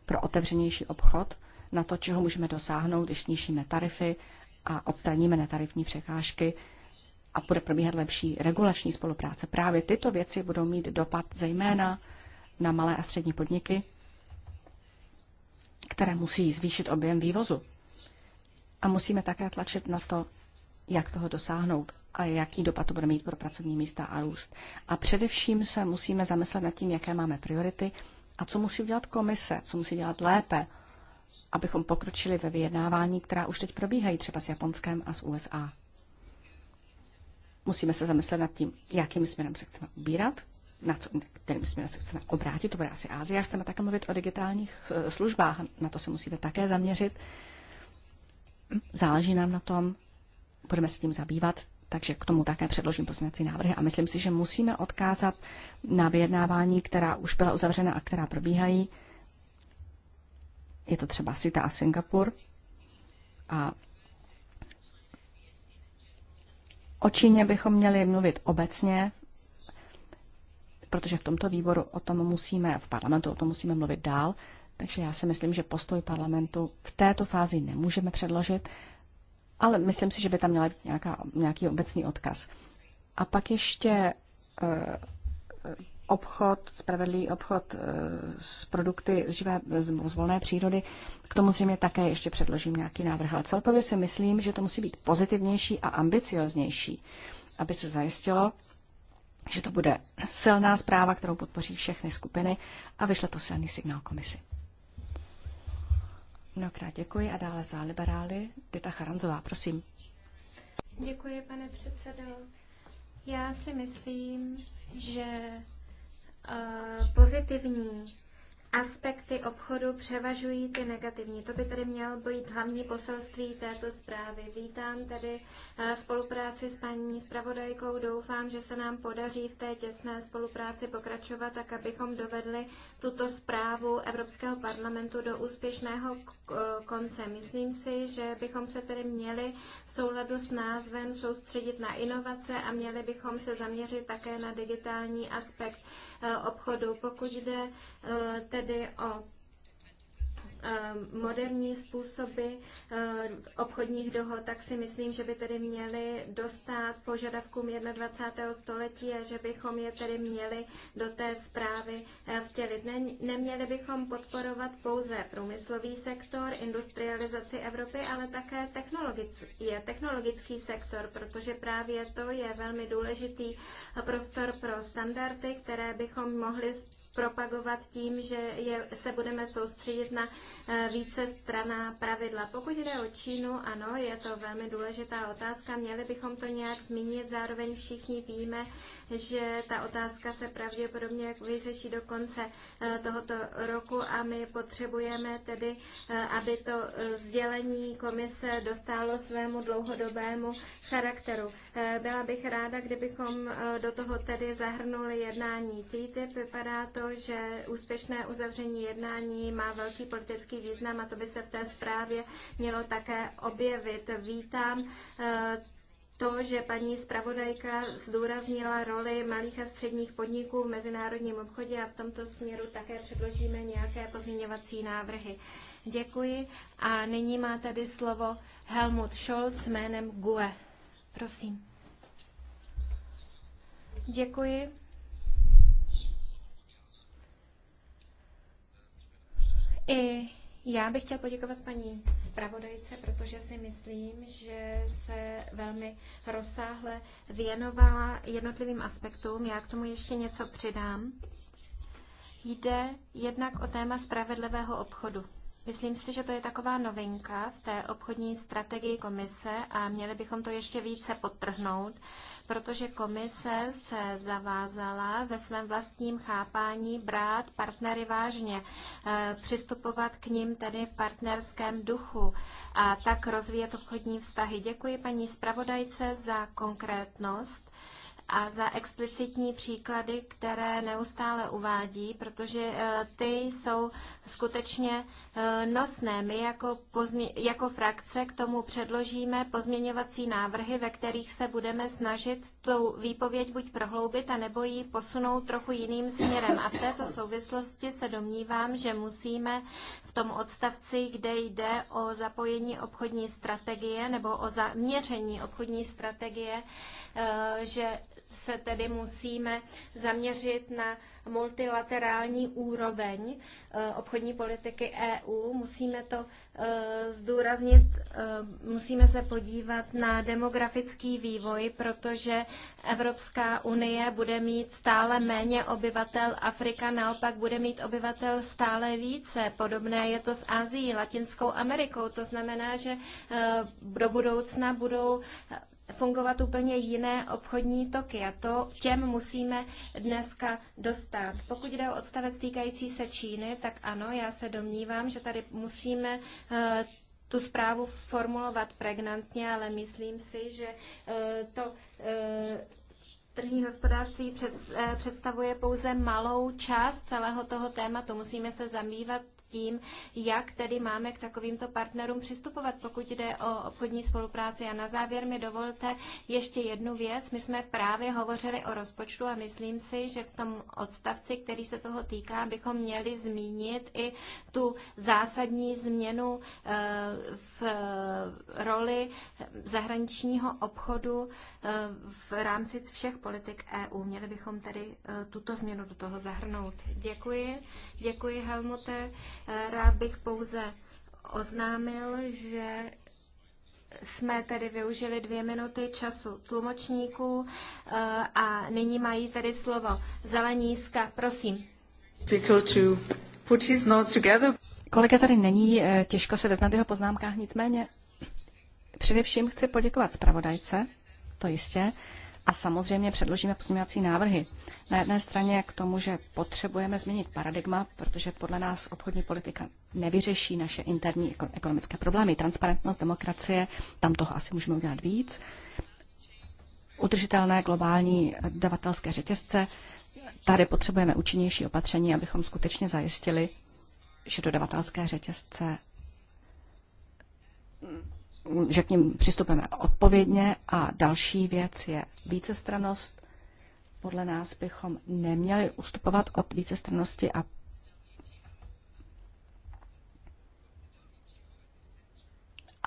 pro otevřenější obchod, na to, čeho můžeme dosáhnout, když snížíme tarify a odstraníme netarifní překážky a bude probíhat lepší regulační spolupráce. Právě tyto věci budou mít dopad zejména na malé a střední podniky, které musí zvýšit objem vývozu. A musíme také tlačit na to, jak toho dosáhnout a jaký dopad to bude mít pro pracovní místa a růst. A především se musíme zamyslet nad tím, jaké máme priority a co musí udělat komise, co musí dělat lépe, abychom pokročili ve vyjednávání, která už teď probíhají třeba s Japonskem a s USA. Musíme se zamyslet nad tím, jakým směrem se chceme ubírat, na co, kterým směrem se chceme obrátit, to bude asi Ázia, Chceme také mluvit o digitálních e, službách, na to se musíme také zaměřit. Záleží nám na tom, budeme se tím zabývat, takže k tomu také předložím pozměňovací návrhy a myslím si, že musíme odkázat na vyjednávání, která už byla uzavřena a která probíhají. Je to třeba Sita a Singapur. A o Číně bychom měli mluvit obecně protože v tomto výboru o tom musíme, v parlamentu o tom musíme mluvit dál, takže já si myslím, že postoj parlamentu v této fázi nemůžeme předložit, ale myslím si, že by tam měla být nějaká, nějaký obecný odkaz. A pak ještě eh, eh obchod, spravedlivý obchod eh, s produkty z, živé, z, z volné přírody, k tomu zřejmě také ještě předložím nějaký návrh. Ale celkově si myslím, že to musí být pozitivnější a ambicioznější, aby se zajistilo, že to bude silná zpráva, kterou podpoří všechny skupiny a vyšle to silný signál komisi. Mnohokrát děkuji a dále za liberály Dita Charanzová, prosím. Děkuji, pane předsedo. Já si myslím, že eh, pozitivní aspekty obchodu převažují ty negativní. To by tedy měl být hlavní poselství této zprávy. Vítám tedy eh, spolupráci s paní zpravodajkou. Doufám, že se nám podaří v té těsné spolupráci pokračovat, tak abychom dovedli tuto zprávu Evropského parlamentu do úspěšného eh, konce. Myslím si, že bychom se tedy měli v souladu s názvem soustředit na inovace a měli bychom se zaměřit také na digitální aspekt obchodu. Pokud jde eh, tedy o Eh, moderní způsoby eh, obchodních dohod, tak si myslím, že by tedy měly dostat požadavkům 21. století a že bychom je tedy měli do té zprávy eh, vtělit. Neměli bychom podporovat pouze průmyslový sektor, industrializaci Evropy, ale také technologický, technologický sektor, protože právě to je velmi důležitý prostor pro standardy, které bychom mohli propagovat tím, že je, se budeme soustředit na eh, více straná pravidla. Pokud jde o Čínu, ano, je to velmi důležitá otázka, měli bychom to nějak zmínit, zároveň všichni víme, že ta otázka se pravděpodobně vyřeší do konce eh, tohoto roku a my potřebujeme tedy, eh, aby to eh, sdělení komise dostálo svému dlouhodobému charakteru. Byla bych ráda, kdybychom do toho tedy zahrnuli jednání TTIP. Vypadá to, že úspěšné uzavření jednání má velký politický význam a to by se v té zprávě mělo také objevit. Vítám to, že paní zpravodajka zdůraznila roli malých a středních podniků v mezinárodním obchodě a v tomto směru také předložíme nějaké pozměňovací návrhy. Děkuji a nyní má tady slovo Helmut Scholz jménem GUE. Prosím. Děkuji. I já bych chtěla poděkovat paní zpravodajce, protože si myslím, že se velmi rozsáhle věnovala jednotlivým aspektům. Já k tomu ještě něco přidám. Jde jednak o téma spravedlivého obchodu. Myslím si, že to je taková novinka v té obchodní strategii komise a měli bychom to ještě více podtrhnout, protože komise se zavázala ve svém vlastním chápání brát partnery vážně, eh, přistupovat k ním tedy v partnerském duchu a tak rozvíjet obchodní vztahy. Děkuji paní zpravodajce za konkrétnost a za explicitní příklady, které neustále uvádí, protože eh, ty jsou skutečně eh, nosné. My jako, pozmě, jako frakce k tomu předložíme pozměňovací návrhy, ve kterých se budeme snažit tu výpověď buď prohloubit, anebo ji posunout trochu jiným směrem. A v této souvislosti se domnívám, že musíme v tom odstavci, kde jde o zapojení obchodní strategie nebo o zaměření obchodní strategie, eh, že se tedy musíme zaměřit na multilaterální úroveň eh, obchodní politiky EU. Musíme to eh, zdůraznit, eh, musíme se podívat na demografický vývoj, protože Evropská unie bude mít stále méně obyvatel, Afrika naopak bude mít obyvatel stále více. Podobné je to s Azií, Latinskou Amerikou. To znamená, že do budoucna budou fungovat úplně jiné obchodní toky a to těm musíme dneska dostat. Pokud jde o odstavec týkající se Číny, tak ano, já se domnívám, že tady musíme eh, tu zprávu formulovat pregnantně, ale myslím si, že eh, to eh, tržní hospodářství představuje pouze malou část celého toho tématu. Musíme se zamývat tím, jak tedy máme k takovýmto partnerům přistupovat, pokud jde o obchodní spolupráci. A na závěr mi dovolte ještě jednu věc. My jsme právě hovořili o rozpočtu a myslím si, že v tom odstavci, který se toho týká, bychom měli zmínit i tu zásadní změnu eh, v roli zahraničního obchodu eh, v rámci všech politik EU. Měli bychom tedy eh, tuto změnu do toho zahrnout. Děkuji. Děkuji, Helmute. Rád bych pouze oznámil, že jsme tedy využili dvě minuty času tlumočníků eh, a nyní mají tedy slovo Zeleníska. Prosím. Kolega tady není, eh, těžko se veznat v jeho poznámkách, nicméně především chci poděkovat zpravodajce, to jistě, a samozřejmě předložíme pozměňovací návrhy. Na jedné straně k tomu, že potřebujeme změnit paradigma, protože podle nás obchodní politika nevyřeší naše interní ekonomické problémy. Transparentnost, demokracie, tam toho asi můžeme udělat víc. Udržitelné globální dodavatelské řetězce. Tady potřebujeme účinnější opatření, abychom skutečně zajistili, že dodavatelské řetězce že k ním přistupujeme odpovědně. A další věc je vícestranost. Podle nás bychom neměli ustupovat od vícestranosti a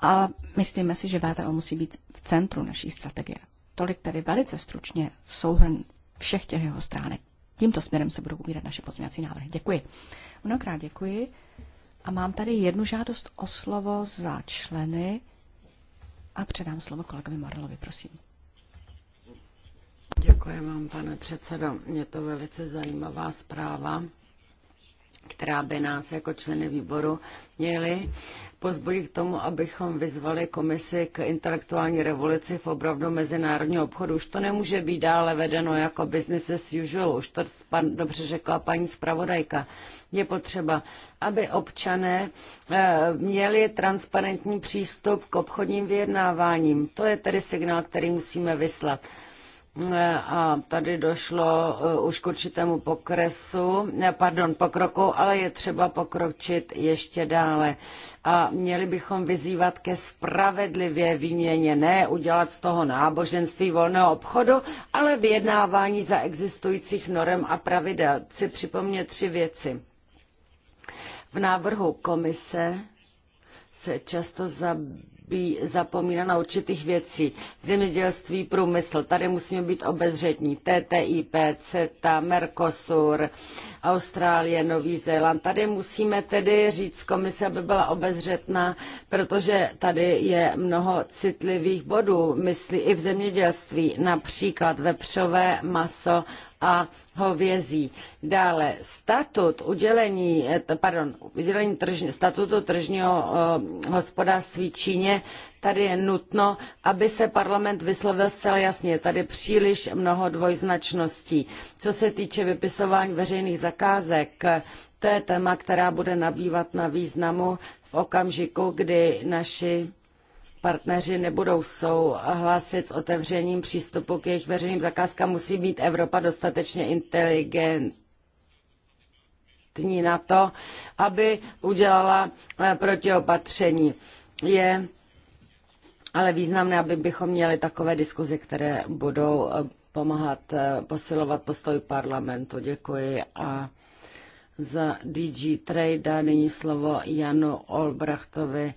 a myslíme si, že VTO musí být v centru naší strategie. Tolik tedy velice stručně souhrn všech těch jeho stránek. Tímto směrem se budou ubírat naše pozměňovací návrhy. Děkuji. Mnohokrát děkuji. A mám tady jednu žádost o slovo za členy. A předám slovo kolegovi Marlovi, prosím. Děkuji vám, pane předsedo. Je to velice zajímavá zpráva která by nás jako členy výboru měly pozbudit k tomu, abychom vyzvali komisi k intelektuální revoluci v obravdu mezinárodního obchodu. Už to nemůže být dále vedeno jako business as usual, už to pan, dobře řekla paní zpravodajka. Je potřeba, aby občané eh, měli transparentní přístup k obchodním vyjednáváním. To je tedy signál, který musíme vyslat a tady došlo eh, už k určitému pokresu, pardon, pokroku, ale je třeba pokročit ještě dále. A měli bychom vyzývat ke spravedlivě výměně, ne udělat z toho náboženství volného obchodu, ale vyjednávání za existujících norem a pravidel. Chci připomnět tři věci. V návrhu komise se často zabývá zapomíná na určitých věcí. Zemědělství, průmysl, tady musíme být obezřetní. TTIP, CETA, Mercosur, Austrálie, Nový Zéland. Tady musíme tedy říct komise, aby byla obezřetná, protože tady je mnoho citlivých bodů, myslí i v zemědělství, například vepřové maso a hovězí. Dále statut udělení, eh, pardon, udělení trž, statutu tržního eh, hospodářství Číně, tady je nutno, aby se parlament vyslovil zcela jasně. Tady příliš mnoho dvojznačností. Co se týče vypisování veřejných zakázek, to je téma, která bude nabývat na významu v okamžiku, kdy naši partneři nebudou souhlasit s otevřením přístupu k jejich veřejným zakázkám, musí být Evropa dostatečně inteligentní na to, aby udělala eh, protiopatření. Je ale významné, aby bychom měli takové diskuze, které budou eh, pomáhat eh, posilovat postoj parlamentu. Děkuji a za DG Trade dá nyní slovo Janu Olbrachtovi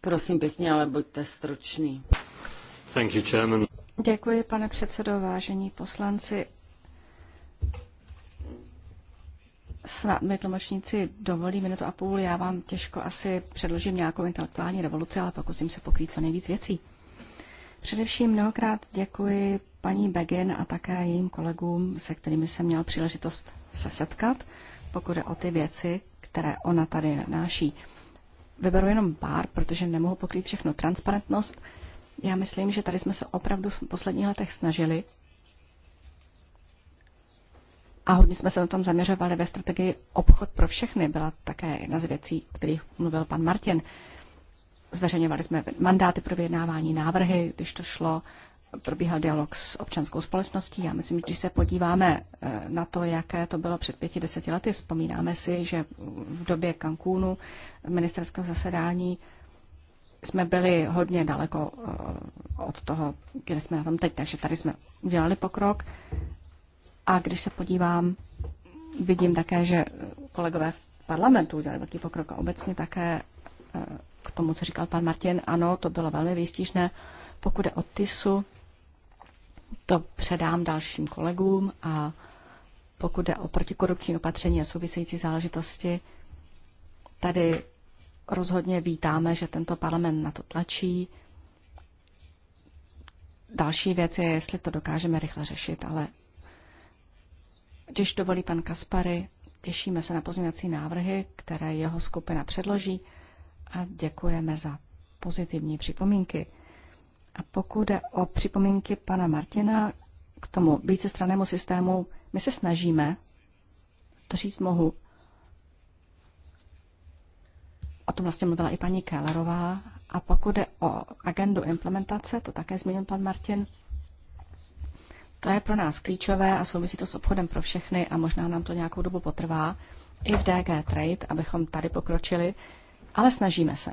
Prosím pěkně, ale buďte stručný. Thank you, chairman. Děkuji, pane předsedo, vážení poslanci. Snad mi tlumočníci dovolí minutu a půl, já vám těžko asi předložím nějakou intelektuální revoluci, ale pokusím se pokrýt co nejvíc věcí. Především mnohokrát děkuji paní Begin a také jejím kolegům, se kterými jsem měl příležitost se setkat, pokud je o ty věci, které ona tady náší vyberu jenom pár, protože nemohu pokrýt všechno. Transparentnost, já myslím, že tady jsme se opravdu v posledních letech snažili a hodně jsme se na tom zaměřovali ve strategii obchod pro všechny. Byla také jedna z věcí, o kterých mluvil pan Martin. Zveřejňovali jsme mandáty pro vyjednávání návrhy, když to šlo probíhal dialog s občanskou společností. Já myslím, když se podíváme eh, na to, jaké to bylo před pěti, deseti lety, vzpomínáme si, že v době Cancúnu ministerského zasedání jsme byli hodně daleko eh, od toho, kde jsme na tom teď, takže tady jsme udělali pokrok. A když se podívám, vidím také, že kolegové v parlamentu udělali velký pokrok a obecně také eh, k tomu, co říkal pan Martin, ano, to bylo velmi výstižné. Pokud je o TISu, to předám dalším kolegům a pokud jde o protikorupční opatření a související záležitosti, tady rozhodně vítáme, že tento parlament na to tlačí. Další věc je, jestli to dokážeme rychle řešit, ale když dovolí pan Kaspary, těšíme se na pozměňovací návrhy, které jeho skupina předloží a děkujeme za pozitivní připomínky. A pokud jde o připomínky pana Martina k tomu vícestranému systému, my se snažíme, to říct mohu, o tom vlastně mluvila i paní Kellerová, a pokud jde o agendu implementace, to také zmínil pan Martin, to je pro nás klíčové a souvisí to s obchodem pro všechny a možná nám to nějakou dobu potrvá i v DG Trade, abychom tady pokročili, ale snažíme se.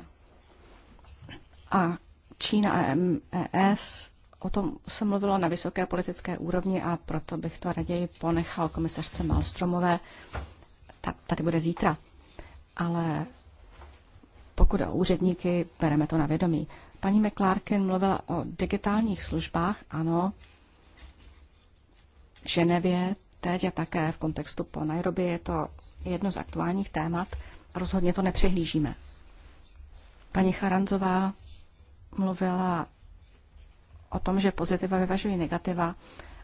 A Čína a MES, o tom se mluvilo na vysoké politické úrovni a proto bych to raději ponechal komisařce Malstromové. Ta, tady bude zítra. Ale pokud o úředníky, bereme to na vědomí. Paní McClarkin mluvila o digitálních službách, ano, v Ženevě teď a také v kontextu po Nairobi je to jedno z aktuálních témat a rozhodně to nepřehlížíme. Paní Charanzová mluvila o tom, že pozitiva vyvažují negativa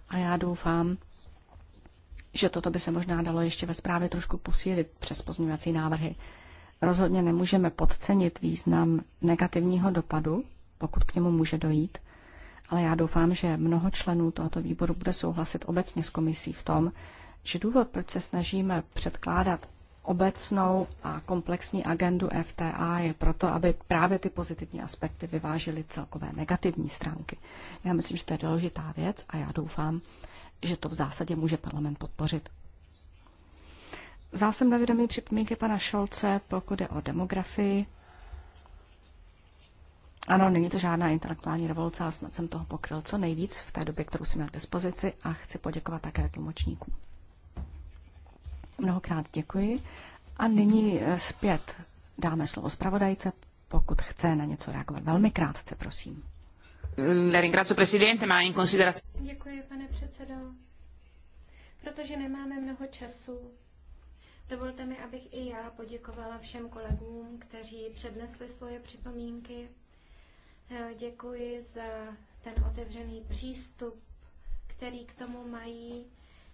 a já doufám, že toto by se možná dalo ještě ve zprávě trošku posílit přes pozměňovací návrhy. Rozhodně nemůžeme podcenit význam negativního dopadu, pokud k němu může dojít, ale já doufám, že mnoho členů tohoto výboru bude souhlasit obecně s komisí v tom, že důvod, proč se snažíme předkládat obecnou a komplexní agendu FTA je proto, aby právě ty pozitivní aspekty vyvážily celkové negativní stránky. Já myslím, že to je důležitá věc a já doufám, že to v zásadě může parlament podpořit. Zásem na vědomí připomínky pana Šolce, pokud je o demografii. Ano, není to žádná intelektuální revoluce, ale snad jsem toho pokryl co nejvíc v té době, kterou jsem měl k dispozici a chci poděkovat také tlumočníkům. Mnohokrát děkuji. A nyní eh, zpět dáme slovo zpravodajce, pokud chce na něco reagovat. Velmi krátce, prosím. Děkuji, pane předsedo. Protože nemáme mnoho času, dovolte mi, abych i já poděkovala všem kolegům, kteří přednesli svoje připomínky. Eh, děkuji za ten otevřený přístup, který k tomu mají.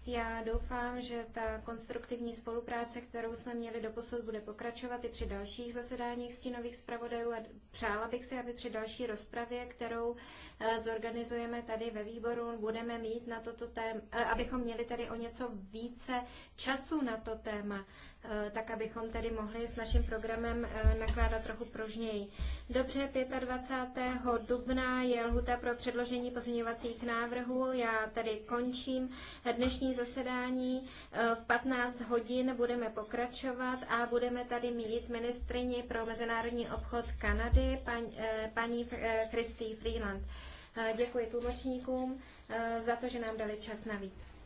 Já doufám, že ta konstruktivní spolupráce, kterou jsme měli do posud, bude pokračovat i při dalších zasedáních stínových zpravodajů a přála bych si, aby při další rozpravě, kterou eh, zorganizujeme tady ve výboru, budeme mít na toto téma, eh, abychom měli tady o něco více času na to téma. Eh, tak abychom tedy mohli s naším programem eh, nakládat trochu pružněji. Dobře, 25. dubna je lhuta pro předložení pozměňovacích návrhů. Já tady končím dnešní zasedání. Eh, v 15 hodin budeme pokračovat a budeme tady mít ministrině pro mezinárodní obchod Kanady, paní Christy Freeland. Děkuji tlumočníkům za to, že nám dali čas navíc.